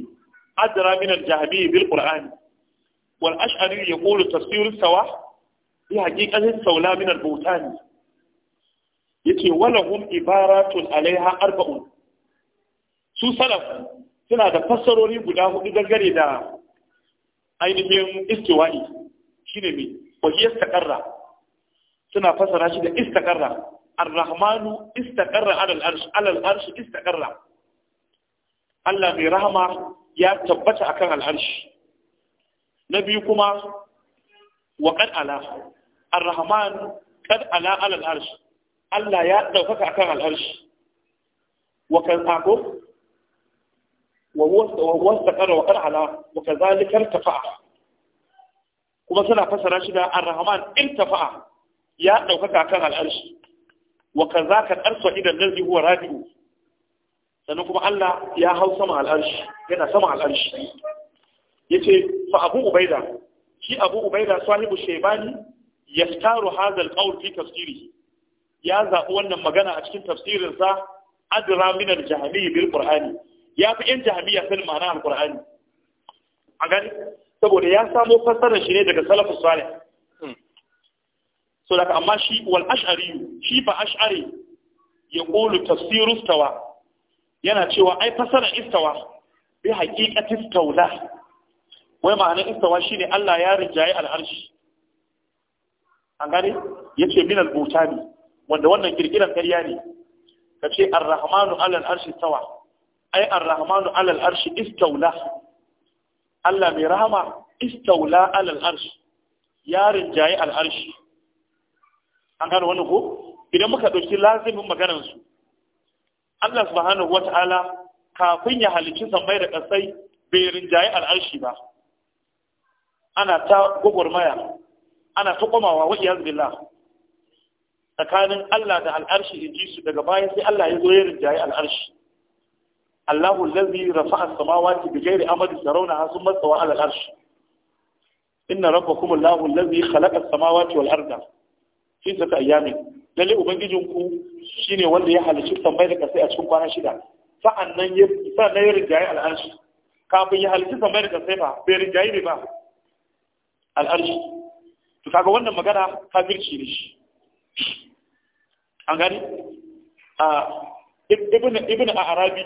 adra min al-jahmi bil-qur'ani wal ya yaqulu tafsir sawa bi haqiqatin saula min al bawtani yace walahum ibaratun alaiha arba'un su salaf suna da fassarori guda hudu dangane da ainihin istiwa'i shine mai wahi istaqarra suna fassara shi da istaqarra ar-rahmanu istaqarra alal arsh alal arsh istaqarra Allah mai Rahma ya tabbata akan al na biyu kuma wa qad ala ar-rahman qad ala ala al-arsh Allah ya ɗaukaka akan al-arsh wa kan ako wa huwa istaqara wa qad ala wa kadhalika irtafa'a kuma suna fasara shi da ar-rahman irtafa'a ya ɗaukaka akan al-arsh wa kadhalika al-arsh idan ladhi huwa radiyo. sannan kuma Allah ya hau sama al-arsh yana sama al-arsh yace fa abu ubaida shi abu ubaida sahibu shaybani yastaru hadha alqawl fi tafsirihi ya zaɓi wannan magana a cikin sa adra min aljahmi bil qur'ani ya fi yan jahmiya sun ma'ana alqur'ani a gani saboda ya samo fassarar shi ne daga salafu salih hmm. so daga amma shi wal ash'ari shi ba ash'ari ya kulu tafsiru istawa yana cewa ai fassarar istawa bi haqiqati istawla wai ma'anar istawa ne Allah ya rinjaye al'arshi an gane ce min al ne, wanda wannan kirkiran karya ne Ka ce, al rahmanu 'ala al-arshi istawa ai al rahmanu 'ala al-arshi istawla Allah mai rahama istaula 'ala arshi ya rinjaye al'arshi. arshi an gane wannan ko idan muka ɗauki lazimin maganar su Allah subhanahu wata'ala kafin ya halicci sammai da ƙasai bai rinjaye al'arshi ba ana ta gwagwarmaya ana ta komawa wa iyaz tsakanin Allah da al'arshi in ji su daga bayan sai Allah ya zo ya rinjaye al'arshi Allahu allazi rafa'a as-samawati bighairi amadin tarawnaha thumma stawa 'ala al-'arshi inna kuma, Allahu allazi khalaqa as-samawati wal arda fi sittati ayamin lalle shi ne wanda ya halicci sammai da kasai a cikin kwana shida sa'annan ya sa'annan ya rinjaye al'arshi kafin ya halicci sammai da kasai ba bai rinjaye ne ba al'arshi to kaga wannan magana kafirci ne shi an gani a ibn arabi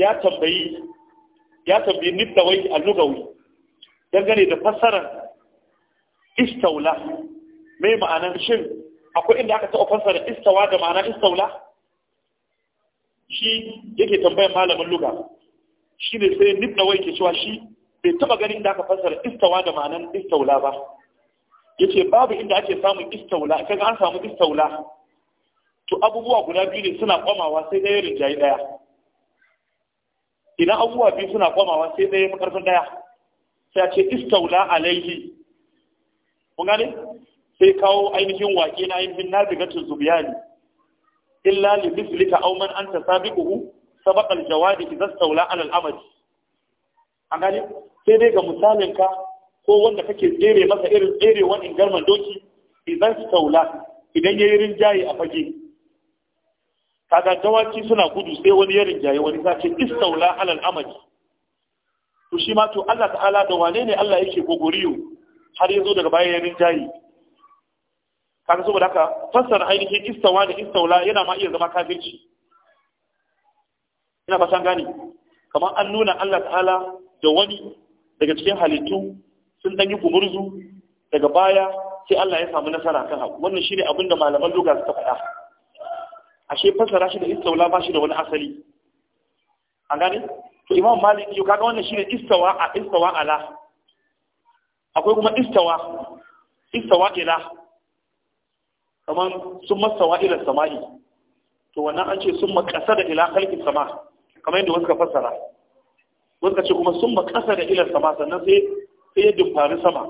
ya tambayi ya tambayi nidawai al-lugawi dangane da fassarar istaula mai ma'anar shin akwai inda aka taɓa fassara istawa da ma'anar istaula shi yake tambayar malamin luga shi ne sai wai ke cewa shi bai taba ganin da aka fassara istawa da ma'anan istaula ba yace babu inda ake samun istaula kaga an samu istaula to abubuwa guda biyu ne suna kwamawa sai ɗaya rinjayi ɗaya idan abubuwa biyu suna kwamawa sai ɗaya makarfin ɗaya sai a ce istaula alaihi kun gane sai kawo ainihin waƙe na ainihin nazigatun zubiyani illa li mislika aw man anta sabiquhu sabaqa al jawadi idza istaula ala al amali a gani sai dai ga misalin ka ko wanda kake tsere masa irin tsere wani ingarman doki idan su taula idan ya yi rinjaye a fage kaga dawaki suna gudu sai wani ya rinjaye wani ta ce istaula alal amali to shi ma to Allah ta'ala da wane ne Allah yake gogoriyo har ya zo daga bayan ya rinjaye kaga saboda haka fassara ainihin istawa da istaula yana ma iya zama kafirci ina fatan gani kamar an nuna Allah ta'ala da wani daga cikin halittu sun ɗan yi kumurzu daga baya sai Allah ya samu nasara kan haku wannan ne abin da malaman doga suka faɗa ashe fasara shi da istawa ba shi da wani asali A gane to imam malik yau kaga wannan shi ne istawa a istawa ala akwai kuma istawa istawa ila kamar sun masawa ila sama'i to wannan an ce sun makasa da ila halkin sama kamar yadda wasu ka fassara wanda ce kuma sun ba makasa da ilar sama sannan sai sai ya dumfari sama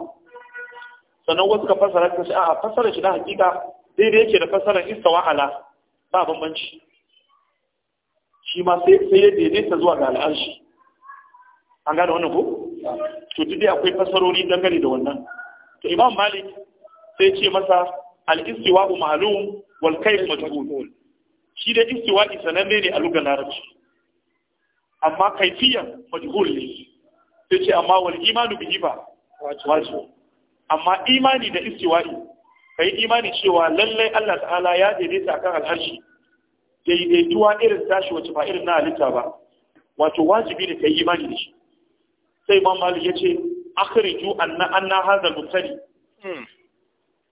sannan wasu ka fasara ta a fasara shi na hakika daidai yake da fasarar iska ala ba bambanci shi ma sai sai ya daidaita zuwa ga al'arshi an gane wannan ko to duk dai akwai fasarori dangane da wannan to imam malik sai ce masa al-istiwa ma'lum wal kayf majhul shi da istiwa sananne ne a lugar larabci amma kaifiyan majhul ne sai ce amma wal imanu bi jiba wato amma imani da istiwa'i kai imani cewa lallai Allah ta'ala ya daidaita akan dai daidaituwa irin tashi wacce ba irin na halitta ba wato wajibi ne kai imani da shi sai imam malik yace akhriju anna anna hadha mutali hmm.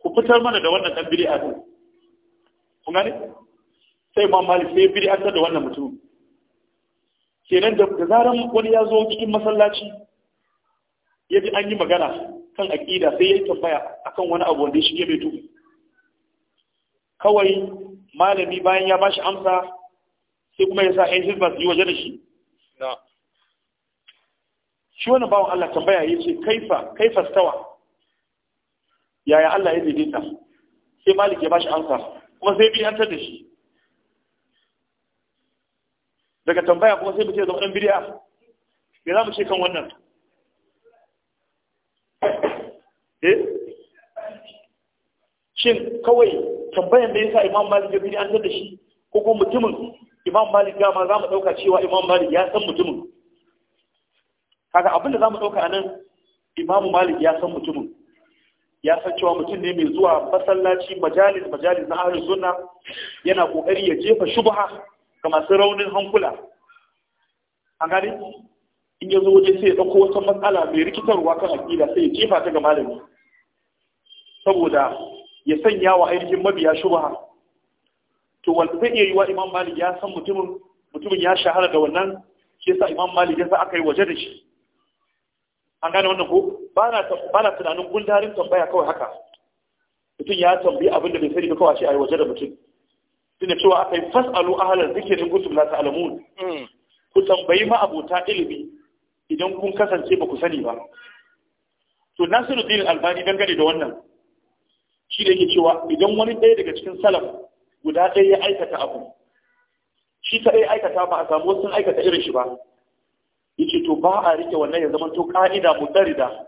ku fitar mana da wannan dan bid'a ku kun gane sai imam malik sai bid'a da wannan mutum kenan da zaran wani ya zo cikin masallaci ya ji an yi magana kan aƙida sai ya yi tambaya akan wani abu wanda ya shige mai tuhu kawai malami bayan ya ba shi amsa sai kuma ya sa ‘yan hizba su yi waje da shi shi wani bawan Allah tambaya ya ce kaifa kaifa stawa yaya Allah ya daidaita sai malik ya ba shi amsa kuma sai bi an da shi daga tambaya kuma sai mu ce zama ɗan bidiya me za mu ce kan wannan eh? shin kawai tambayan da sa imam malik ya bidi an da shi ko kuma mutumin imam malik dama za mu ɗauka cewa imam malik ya san mutumin kaga abin da za mu ɗauka nan imam malik ya san mutumin ya san cewa mutum ne mai zuwa masallaci majalis majalis na ahlus sunna yana kokari ya jefa shubha ga masu raunin hankula an gani in yanzu waje sai ya ɗauko wata matsala mai rikitarwa kan aƙida sai ya jefa ta ga malami saboda ya sanya wa ainihin mabiya shubha to wanda zai iya yi wa imam malik ya san mutumin mutumin ya shahara da wannan shi yasa imam malik yasa aka yi waje da shi an gane wannan ko ba na tunanin gundarin tambaya kawai haka mutum ya tambayi abin da bai sani ba kawai shi a yi waje da mutum suna cewa aka yi fasalu ahalar zikirin gusur la ta'lamun mm. ku tambayi ma'abota ilimi idan kun kasance ba ku sani ba to Nasiruddin Albani dangane da wannan shi da yake cewa idan wani ɗaya daga cikin salaf guda ɗaya ya aikata abu shi ta ɗaya aikata ba a samu wasu aikata irin shi ba yace to ba a rike wannan ya zama to ka'ida mutarida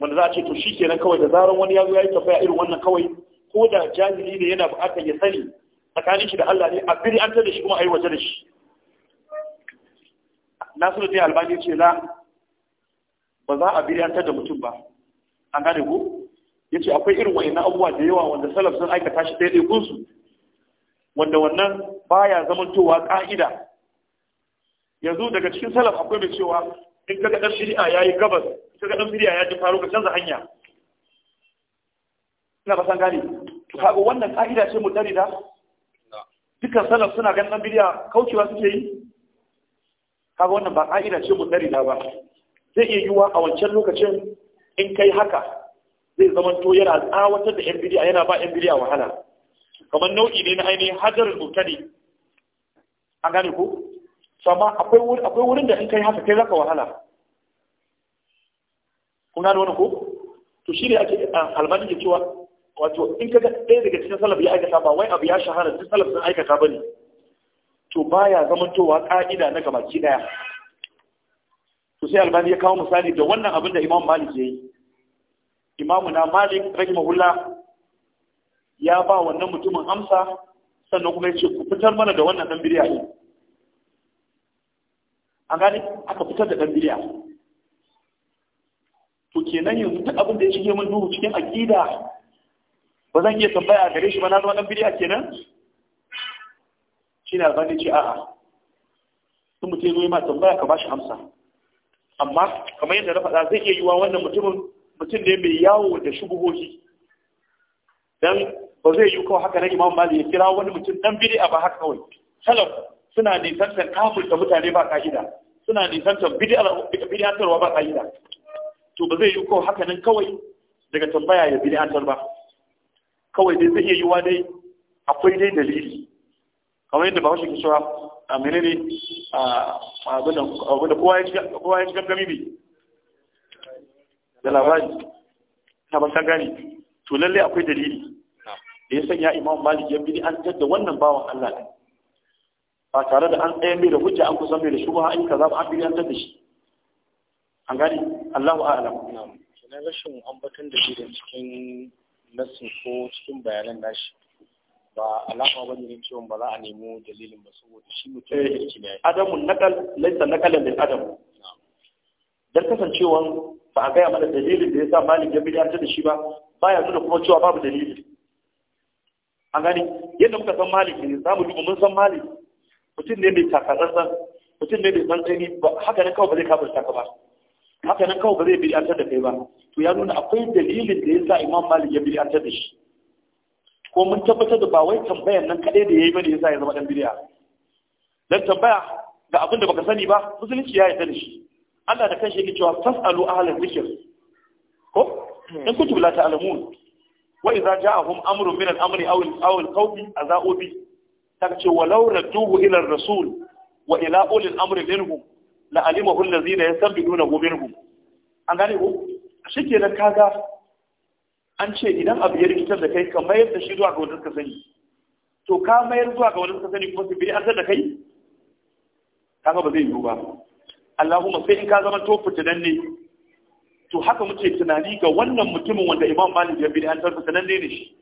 wanda za a ce to shi kenan kawai da zaran wani ya zo ya yi tafiya irin wannan kawai ko da jahili ne yana buƙatar ya sani tsakanin shi da Allah ne a biri an da shi kuma a yi waje da shi nasiru dai albani ce la ba za a biri an tada mutum ba an gane ku ya ce akwai irin wa'in abubuwa da yawa wanda salaf sun aikata shi ɗaya ɗaikunsu wanda wannan baya zamantowa ƙa'ida yanzu daga cikin salaf akwai mai cewa in kaga dan shari'a ya yi gabas kaga dan shari'a ya ji faru ka canza hanya ina ba san gane to kaga wannan ka'ida ce mu da, dukkan salaf suna ganin dan bidiya kaucewa suke yi kaga wannan ba ka'ida ce mu da ba zai iya yiwa a wancan lokacin in kai haka zai zama to yana tsawatar da yan bidiya yana ba yan bidiya wahala kamar nau'i ne na ainihin hajarul mubtadi an gane ko amma akwai akwai wurin da in kai haka kai zaka wahala kun gane wani ko to shi ne ake almani ke cewa wato in kaga ɗaya daga cikin salaf ya aikata ba wai abu ya shahara cikin salaf sun aikata ba ne to baya zamantowa ƙa'ida na ki ɗaya to sai albani ya kawo misali da wannan abin da imam malik ya yi imamu na malik rahimahullah ya ba wannan mutumin amsa sannan kuma ya ce ku fitar mana da wannan ɗan biriya ɗin a gani aka fitar da ɗan biriya to kenan yanzu duk abin da ya shige min duhu cikin aƙida ba zan iya tambaya a gare shi ba na zama dan bidiya kenan shine albani ce a'a Sun mutum zo yi ma tambaya ka bashi amsa amma kamar yadda na faɗa zai iya yiwa wannan mutumin mutum ne mai yawo da shubuhohi don ba zai yi kawai haka na imam mali ya kira wani mutum dan bidiya ba haka kawai salaf suna nisantar da mutane ba ka'ida suna nisantar bid'atarwa ba ka'ida to ba zai yi kawai haka nan kawai daga tambaya ya bid'atar ba kawai dai zai iya yi wa dai akwai dai dalili kamar yadda ba ke cewa a ne a abinda kowa ya ci gangami ne da labari ta basan gani to lallai akwai dalili da ya sanya imam malik ya biri an jadda wannan bawan allah ne ba tare da an tsaye mai da hujja an kusan mai da shubha an yi kaza ba an biri an jadda shi an gani allahu a'alam na rashin ambaton da shi da cikin nassin ko cikin bayanan nashi ba alama wani ne cewa ba za a nemo dalilin ba saboda shi mutum ya eh, kirki ne adamu nakal laisa nakalin da Adamu. dan kasancewan ba a gaya mana dalilin da ya sa malik ya bidanta da shi ba Ba yanzu da kuma cewa babu dalili an gani yadda muka san malik ne za mu duba mun san malik mutum ne mai takatsantsan mutum ne mai tsantsani haka ne kawai ba zai kafirta ka ba haka nan kawai ba zai bid'antar da kai ba to ya nuna akwai dalilin da ya sa imam malik ya bid'antar da shi ko mun tabbatar da ba wai tambayan nan kadai da yayi bane yasa ya zama dan bid'a dan tambaya ga abin da baka sani ba musulunci ya yarda da shi Allah da kanshi yake cewa fasalu ahla zikr ko in kuntu la ta'lamun wa idza ja'ahum amrun min al-amri aw aw al-khawf azau bi Ta ce walau radduhu ila ar-rasul wa ila ulil amri minhum la alimahu allazina yastabidunahu minhum an gane ko nan kaga an ce idan abu ya rikitar da kai ka mayar da shi zuwa ga wadanda ka sani to ka mayar zuwa ga wadanda ka sani kuma su bi an da kai kaga ba zai yiwu ba Allahumma sai in ka zama to nan ne to haka muke tunani ga wannan mutumin wanda Imam Malik ya bi an tarfa sanan ne ne shi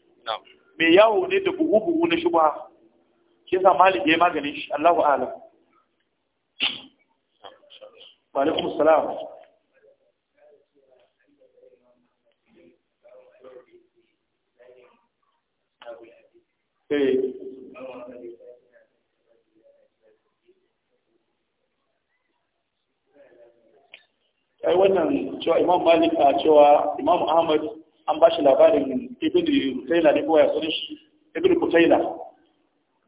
me yawo ne da buhu buhu na shubha shi yasa Malik ya maganin shi Allahu a'lam wa salam eh. ai wannan cewa imam malik a cewa imam ahmad an ba shi labarin ibn rufaila ne kowa ya sanin shi ibn rufaila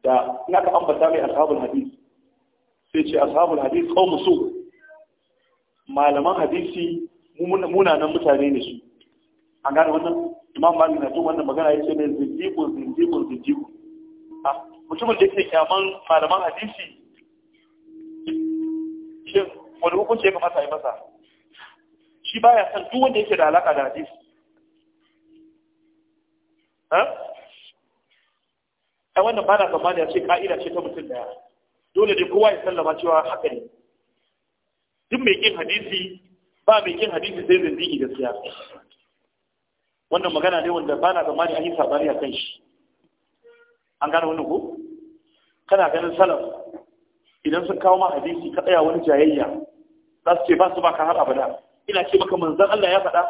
da in aka ambata mai ashabul hadith sai ce ashabul hadith qaumu su malaman hadisi munanan mutane ne su an gane wannan imam malik na jin wannan magana ya ce ne zindiƙun zindiƙun zindiƙun ah, mutumin da yake kyaman malaman hadisi shin wani hukunci ya kamata a yi masa shi baya san duk wanda yake da alaƙa da hadisi eh? ai wannan ba na tsammani a ce ka'ida ce ta mutum daya dole ne kowa ya sallama cewa haka ne duk mai kin hadisi ba mai kin hadisi sai zindigi gaskiya wannan magana ne wanda ba na zamani an yi sabari a kan shi an gane wani ko kana ganin salaf idan sun kawo ma hadisi ka tsaya wani jayayya za su ce ba su baka har abada ina ce maka manzan Allah ya faɗa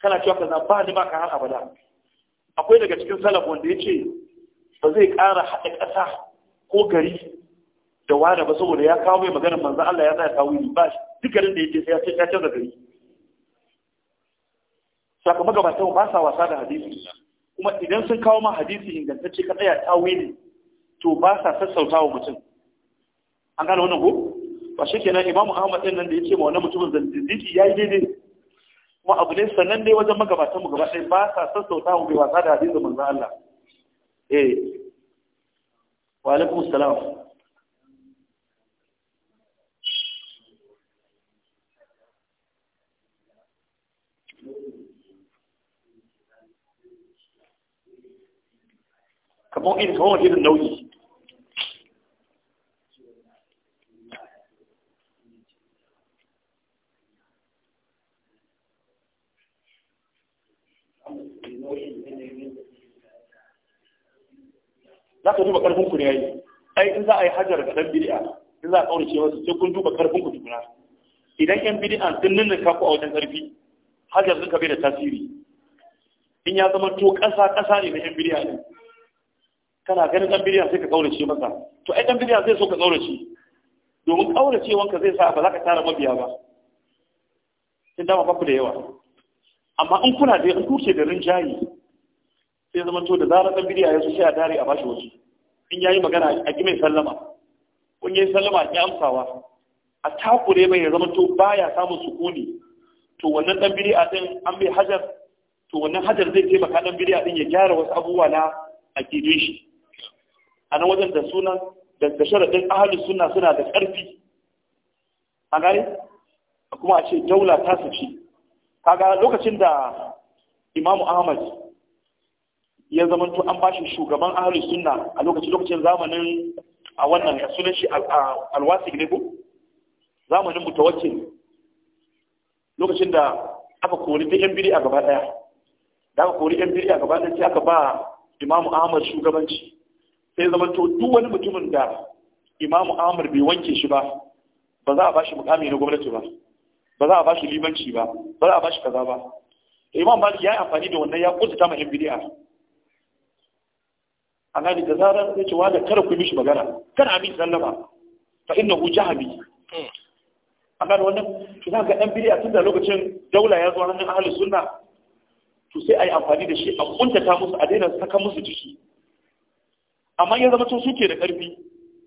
kana cewa kaza ba ni baka har abada akwai daga cikin salaf wanda ya ce ba zai ƙara haɗa ƙasa ko gari da wani ba saboda ya kawo mai maganar manzan Allah ya ya kawo yi ba shi dukkanin da yake sai ya ce ya canza gari sakamakon gabatan ba sa wasa da hadisi kuma idan sun kawo ma hadisi ingantacce ka tsaya tawe ne to ba sa sassauta wa mutum an gane wannan ko ba shi kenan imamu ahmad din nan da yake ma wannan mutumin ya yi daidai kuma abu ne sannan dai wajen magabatan mu gaba ɗaya ba sa sassauta wa mai wasa da hadisi manzon Allah eh wa alaikum salam kamar irin kamar wani irin nauyi za ka duba karfin ku ne yayi ai in za a yi hajar ga dan bid'a in za a kaurace masa sai kun duba karfin ku tukuna idan yan bid'a sun nuna ka ku a wajen karfi hajar din bai da tasiri in ya zama to ƙasa ƙasa ne na yan bid'a ne kana ganin dan bidiya sai ka kaurace maka. to ai dan bidiya zai so ka kaurace domin kaurace wanka zai sa ba za ka tara mabiya ba kin dama ba ku da yawa amma in kuna da in kuke da rinjayi sai zama to da zarar dan bidiya ya so sai a dare a bashi wasu in yayi magana a ki mai sallama kun yi sallama ki amsawa a takure mai ya zama to baya samun sukuni to wannan dan bidiya din an bai hajar to wannan hajar zai taimaka dan bidiya din ya gyara wasu abubuwa na a shi a nan wajen da sunan da sharaɗin ahalus suna suna da ƙarfi a gane kuma a ce daula ta su ce kaga lokacin da imamu ahmad ya zamanto an bashi shugaban ahalus suna a lokacin lokacin zamanin a wannan ya sunan shi alwasi ne ko zamanin mutawakkil lokacin da aka kori ta yan biri a gaba daya da aka kori yan biri a gaba daya sai aka ba imamu ahmad shugabanci sai zama to duk wani mutumin da imamu amur bai wanke shi ba ba za a bashi mukami na gwamnati ba ba za a bashi limanci ba ba za a bashi kaza ba imam malik ya yi amfani da wannan ya kuntata ma yan bid'a amma da zarar sai ce da kada ku mishi magana kada abin sallama fa innahu jahmi amma da wannan to za ga yan bid'a tun da lokacin daula ya zo hannun ahlus sunna to sai ai amfani da shi a kuntata musu a daina saka musu jiki amma ya zama to suke da ƙarfi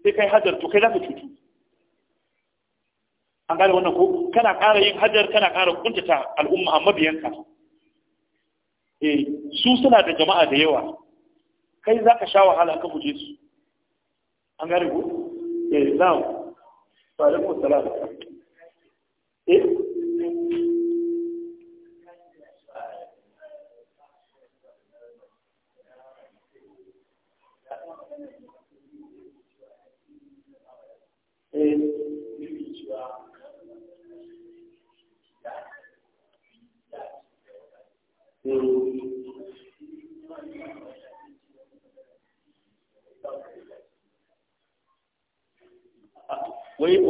sai kai hajar to kai za ka cutu an gane wannan ko kana ƙara yin hajar kana ƙara kuntata al'umma a mabiyanka eh su suna da jama'a da yawa kai za ka sha wahala ka guje su an gane ko eh ba wa alaikum salam eh wai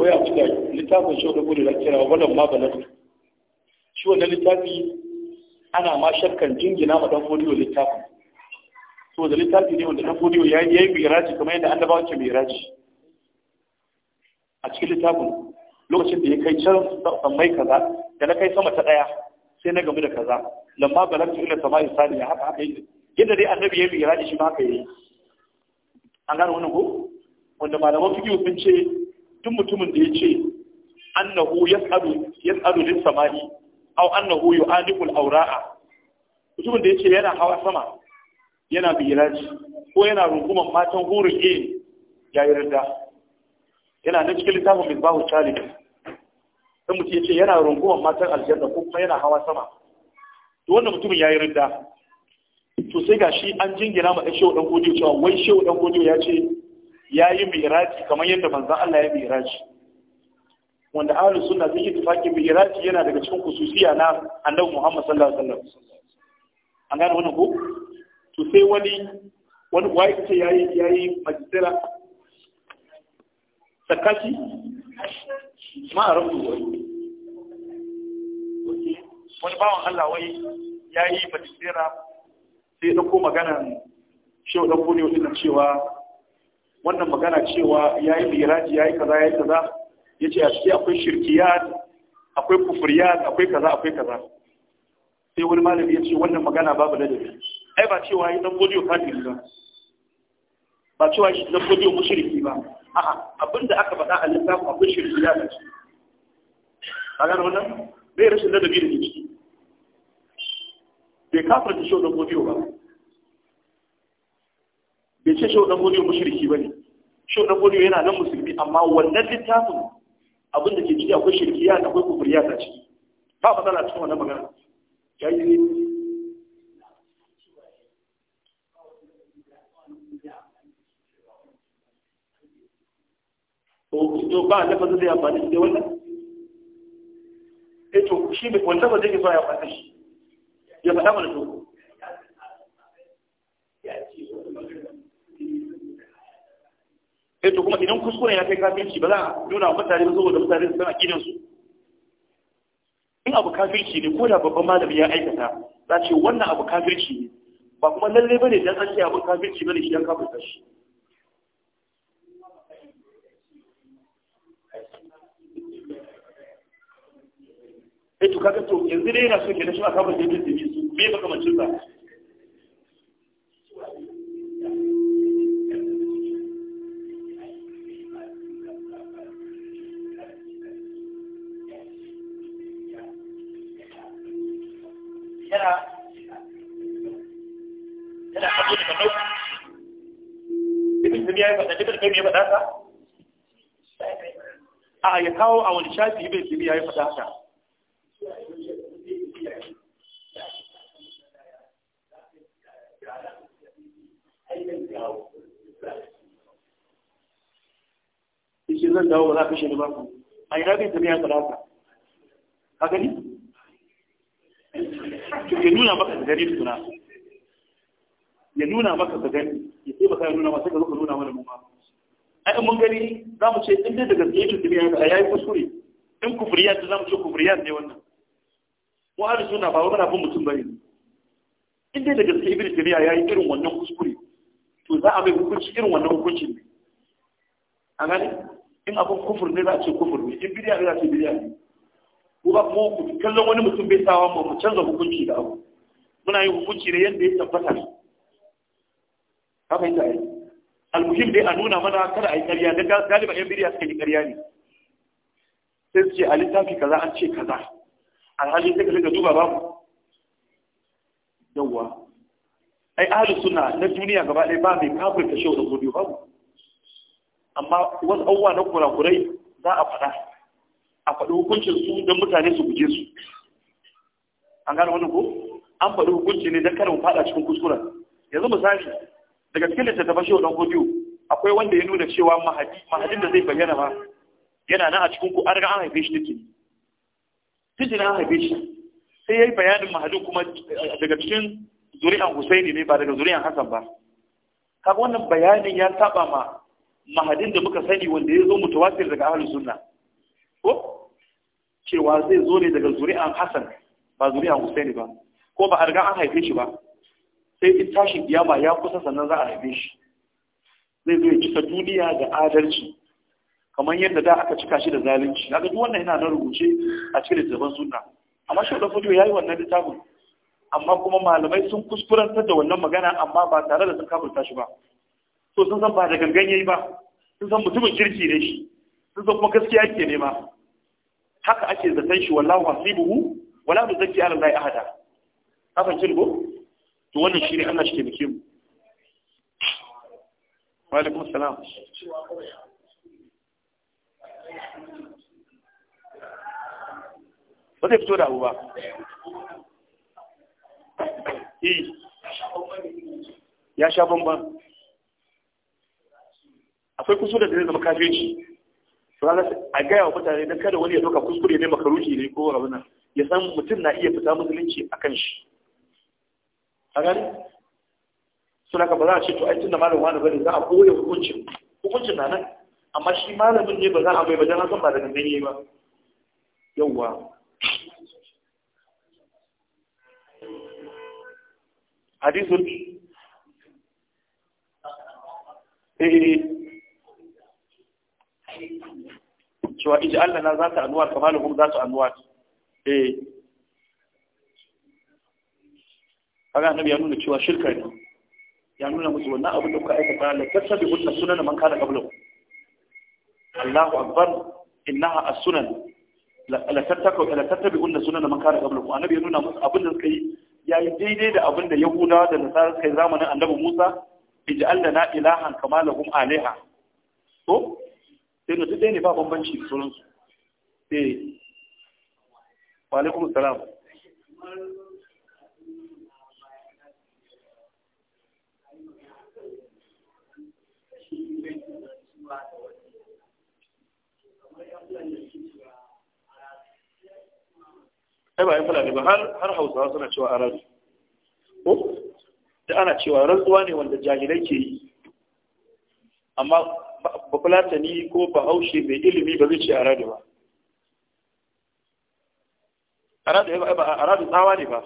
a cika littafin shi da gudu lakcira wannan ma balas shi wannan littafi ana ma shakkan jingina ma dan fodiyo littafin so da littafi ne wanda dan fodiyo ya yi miraji kamar yadda annabawa ke miraji a cikin littafin lokacin da ya kai can sammai kaza da na kai sama ta ɗaya sai na gamu da kaza lamma balagtu ila sama'i saniya haka haka yin yadda dai annabi ya miraji shi ma haka yi an gane wannan ko wanda malaman fiqh sun ce duk mutumin da ya ce annahu yas'alu yas'alu lis sama'i aw annahu yu'aliqu al-awra'a mutumin da ya ce yana hawa sama yana miraji ko yana rukuman matan hurin yin yayin rida yana nan cikin littafin bahu talib sai mutum ya ce yana runguman matan aljanna ko kuma yana hawa sama to wannan mutumin ya yi ridda to sai ga shi an jingina ma ɗan shehu ɗan godiyo cewa wai shehu ɗan godiyo ya ce ya yi miraji kamar yadda manzan Allah ya miraji wanda ahli sunna sun yi tufaki miraji yana daga cikin kususiya na annabi Muhammad sallallahu alaihi wasallam an gane wannan ko to sai wani wani wai ce yayi yayi majistera sakaki ma a rabu wani bawan Allah wai ya yi batistera sai ya ɗauko magana shewa ɗan gode wajen cewa wannan magana cewa ya yi miraji ya yi kaza ya yi kaza ya ce a ciki akwai shirkiya akwai kufuriya akwai kaza akwai kaza sai wani malami ya ce wannan magana babu da dafi ai ba cewa ya ɗan gode wa kafin ba ba cewa ya ɗan gode wa shirki ba a'a abin da aka faɗa a littafin abin shirki ya ce a gano wannan bai rashin ladabi da ciki bai kafar da shaudan godiyo ba bai ce shaudan godiyo mushriki ba ne shaudan godiyo yana nan musulmi amma wannan littafin abin da ke ciki akwai shirki ya akwai kufur ya ta ciki ba matsala cikin wannan magana ya yi to ba a lafazin zai amfani da wannan eh to shi mai wanda ba zai so ya amfani shi ya faɗa mana to eh to kuma idan kuskure ya kai kafirci ba za a nuna wa mutane ba saboda mutane su san akidan su in abu kafirci ne ko da babban malami ya aikata za ce wannan abu kafirci ne ba kuma lalle bane dan an ce abu kafirci bane shi dan kafirta shi sai eh, to kaga to yanzu dai yana so ke da shi a kafin da yake bi su me baka mancin sa yana yana abu da kamar ibn tabiya ya faɗa ibn tabiya ya faɗa ka a ya kawo a wani shafi ibn tabiya ya faɗa ka kashe da baku a ina bai tafiya ka haka gani ya nuna maka da gani suna ya nuna maka da gani ya ce baka ya nuna maka sai ka zo nuna mana mu ma ai mun gani za mu ce in dai da gaske yake tafiya ya yi kuskure in kufriyat za mu ce kufriyat ne wannan mu ahli suna ba wani abin mutum bane in dai da gaske ibi ibnu ya yi irin wannan kuskure to za a mai hukunci irin wannan hukuncin ne a gani in abin kufur ne za a ce kufur ne in biriya ne za a ce biriya ne ko ba kuma kallon wani mutum bai sawa mu mu canza hukunci da abu muna yin hukunci ne yadda ya tabbata haka yadda Al almuhim dai a nuna mana kada a yi ƙarya don galiba yan biriya suka yi ƙarya ne sai su ce a littafi kaza an ce kaza alhali sai ka rika duba babu yawwa ai ahlus sunna na duniya gaba ɗaya ba mai kafirta shehu da godiyo babu amma wasu abubuwa na kurakurai za a faɗa a faɗi hukuncin su don mutane su guje su an gane wani ko an faɗi hukunci ne don karin faɗa cikin kuskuren yanzu misali daga cikin littattafan shi wadon biyu akwai wanda ya nuna cewa mahadin da zai bayyana ba yana nan a cikin ku an riga an haife shi take tijin an haife shi sai ya yi bayanin mahadin kuma eh, daga cikin zuri'an husaini ne ba daga zuri'an hassan ba kaga wannan bayanin ya taɓa ma mahadin da muka sani wanda ya zo mutawatir daga ahalin sunna ko cewa zai zo ne daga zuri'an hasan ba zuri'an husaini ba ko ba a riga an haife shi ba sai in tashi kiyama ya kusa sannan za a haife shi zai zo ya cika duniya da adalci kamar yadda da aka cika shi da zalunci naga duk wannan yana na rubuce a cikin littafin sunna amma shi da fito yayi wannan littafin amma kuma malamai sun kuskurantar da wannan magana amma ba tare da sun kafurta shi ba so sun san ba da gangan yayi ba sun san mutumin kirki ne shi sun san kuma gaskiya yake ba, haka ake zaton shi wallahu hasibuhu wala muzakki ala allahi ahada haka kin ko to wannan ne Allah shike ke mu wa alaikum assalam ba zai fito da abu ba eh. ya sha bambam akwai kuskure da zai zama kafirci to a gaya wa mutane don kada wani ya doka kuskure ne makaruci ne ko abin nan ya san mutum na iya fita musulunci akan shi a gani suna ka ba za a ce to ai da malam wani bane za a koya hukuncin hukuncin na nan amma shi malamin ne ba za a bai ba dan san ba da gangan ba yawwa hadisul eh, eh, eh. cewa iji Allah na za ta annuwar kamar hukum za ta annuwar eh kaga annabi ya nuna cewa shirka ne ya nuna musu wannan abin da kuka aikata la tasabi kunna sunan man kana qablahu Allahu akbar innaha as-sunan la tattaku la tattabi kunna sunan man kana qablahu annabi ya nuna musu abin da suka yi yayi daidai da abin da Yahudawa da Nasara suka yi zamanin annabi Musa ij'alna ilahan kama lahum alaiha to sai da ɗaya ne ba bambanci da sauransu sai eh. wa salam ai ba yin fulani ba har hausawa suna cewa aradu ko da ana cewa rantsuwa ne wanda jahilai ke yi amma bafulatani ko bahaushe mai ilimi ba zai ce aradu ba aradu tsawa ne ba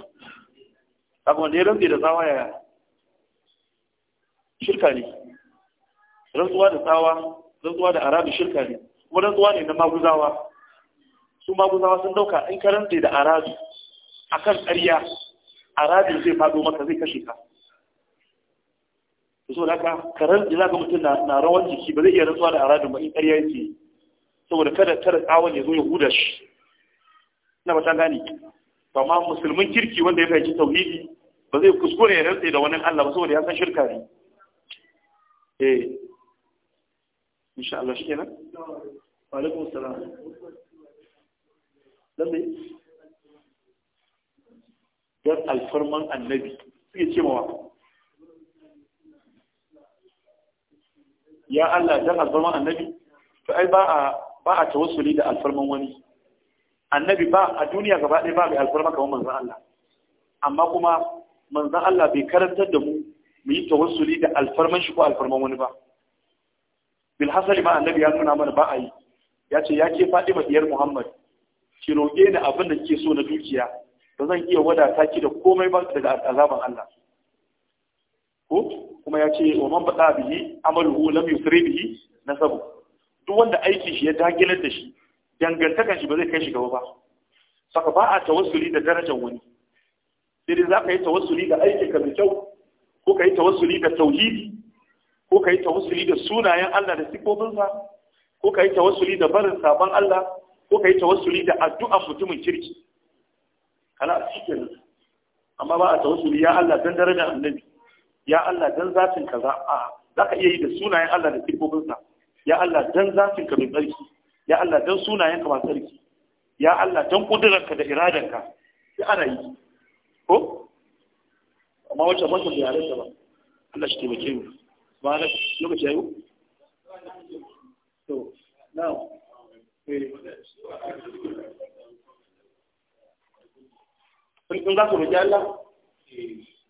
abu wanda ya rantse da tsawa yaya shirka ne rantsuwa da tsawa rantsuwa da aradu shirka ne kuma rantsuwa ne na maguzawa su maguzawa sun dauka in ka rantse da aradu akan ƙarya aradu zai faɗo maka zai kashe ka to da haka karar da zaka mutum na rawar jiki ba zai iya rantsuwa da aradun ba in ƙarya yake saboda kada kada tsawon ya zo ya huda shi ina ba ta gane Ba ma musulmin kirki wanda ya fahimci tauhidi ba zai kuskure ya rantsa da wani Allah ba saboda ya san shirka ne eh insha Allah shikenan wa alaikum salam lalle dan alfarman annabi suke cewa ya Allah dan alfarman annabi to ai ba a ba a tawassuli da alfarman wani annabi ba a duniya gaba ɗaya ba mai alfarma kamar manzon Allah amma kuma manzon Allah bai karantar da mu mu yi tawassuli da alfarman shi ko alfarman wani ba bil hasali ma annabi ya nuna mana ba a yi ya ce ya ke Fatima diyar Muhammad ki roƙe ni abin da kike so na dukiya ba zan iya wadata ki da komai ba daga azaban Allah ko kuma ya ce wa man faɗa bihi amaluhu lam yusri bihi nasabu duk wanda aikin shi ya dagilar da shi dangantakan shi ba zai kai shi gaba ba saka ba a tawassuli da darajar wani sai za ka yi tawassuli da aikin ka mai kyau ko ka yi tawassuli da tauhidi ko ka yi tawassuli da sunayen Allah da sifofinsa ko ka yi tawassuli da barin sabon Allah ko ka yi tawassuli da addu'a mutumin kirki kana cikin amma ba a tawassuli ya Allah dan darajar annabi ya Allah dan zatin kaza a zaka iya yi da sunayen Allah da sifofin sa ya Allah dan zatin ka mai tsarki ya Allah dan sunayen ka masu tsarki ya Allah dan kudurar ka da iradar ka sai ana yi ko amma wacce mutum bai halarta ba Allah shi taimake mu ba na lokaci ayu to now in za ku roƙi Allah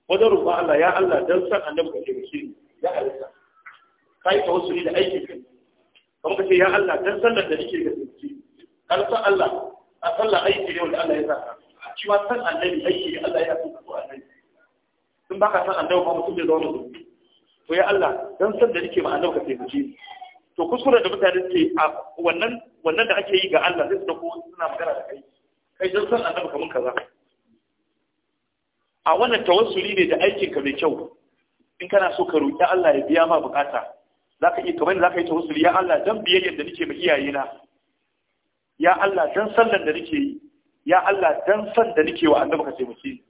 wajen rufa Allah ya Allah dan san annabi ka taimake shi ya halitta kai ka wasu da aiki kai kuma ka ce ya Allah dan san da nake ga taimake kar san Allah a sallah aiki ne wanda Allah ya saka a cewa san annabi aiki ne Allah ya saka ko annabi tun baka san annabi ba mutum zai zauna zuwa to ya Allah dan san da nake ma annabi ka taimake ni to kuskure da mutane suke a wannan wannan da ake yi ga Allah zai da ko suna magana da kai kai dan san annabi mun kaza a wannan tawassuli ne da aikin ka mai kyau in kana so ka roƙi Allah ya biya ma bukata zaka iya kamar zaka yi tawassuli ya Allah dan biyayyar da nake ma iyayena ya Allah dan sallan da nake yi ya Allah dan san da nake wa annabi ka ce miki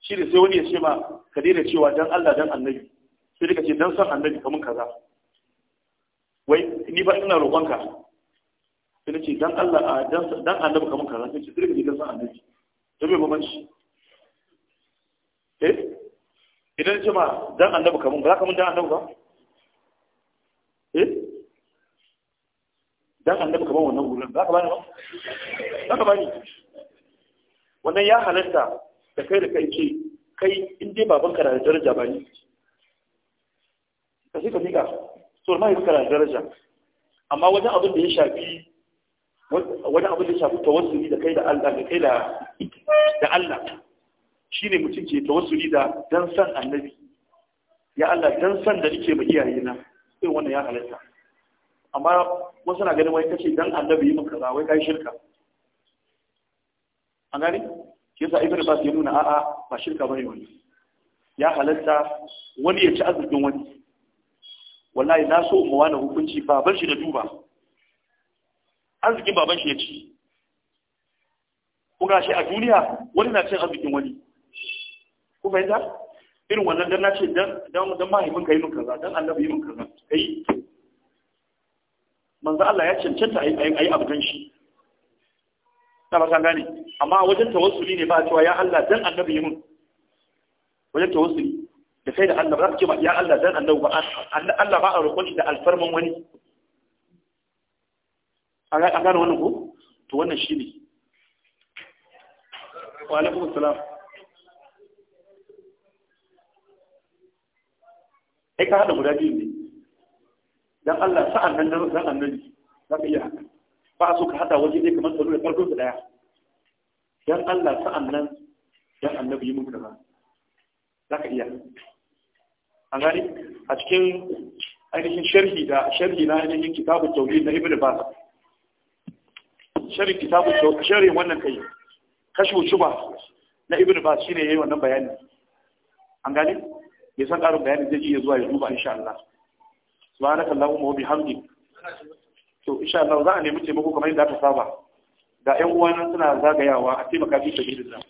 shi ne sai wani ya ce ma ka daina cewa dan Allah dan annabi sai dika ce dan san annabi kamun kaza wai ni ba ina roƙonka sai nace dan Allah dan annabi kamun kaza sai dika ce dan san annabi to me bambanci eh idan ce ma dan annabi kamun ba za ka mun dan annabi ba eh dan annabi kamun wannan gurin za ka bani ba za ka bani wannan ya halatta da kai da kai ce kai in dai baban ka da daraja ba ne ka shi ka miƙa so ma yi da daraja amma wajen abin da ya shafi wajen abin da ya shafi tawassuli da kai da Allah da kai da Allah shine mutum ke tawassuli da dan san annabi ya Allah dan san da nake ba iyaye na sai wannan ya halatta amma wasu na ganin wai kace dan annabi yi maka wai kai shirka an gani shi yasa ibnu su ya nuna a'a ba shirka bane wani ya halatta wani ya ci azumin wani wallahi na so mu wani hukunci baban shi da duba arzikin baban shi ya ci kuka shi a duniya wani na cin arzikin wani ku fahimta irin wannan dan nace dan dan dan mahaifin kai mun kaza dan annabi mun kaza kai manzo Allah ya cancanta ayi ayi abu dan shi ta ba san gane amma wajen tawassuli ne ba cewa ya Allah dan annabi mun wajen tawassuli da kai da Allah ba ce ya Allah dan annabi ba Allah ba a roƙon da alfarman wani A gane wannan ko to wannan shi ne. wa alaikum assalam kai ka haɗa guda biyu ne dan Allah sa'an nan dan annabi za ka iya haka ba so ka haɗa waje ne kamar tsaro da farko da daya dan Allah sa'an nan dan annabi yi muku da ba za ka iya an gani a cikin ainihin sharhi da sharhi na ainihin kitabun tauri na ibnu Ba. sharhi kitabu tauri sharhi wannan kai kashu shuba na ibnu Ba shine yayi wannan bayani an gani ya san ƙarin bayani zai iya zuwa ya duba insha Allah subhanaka allahumma wa bihamdik to insha Allah za a nemi taimako kamar yadda aka saba ga ƴan uwana suna zagayawa a taimaka fi sabilillah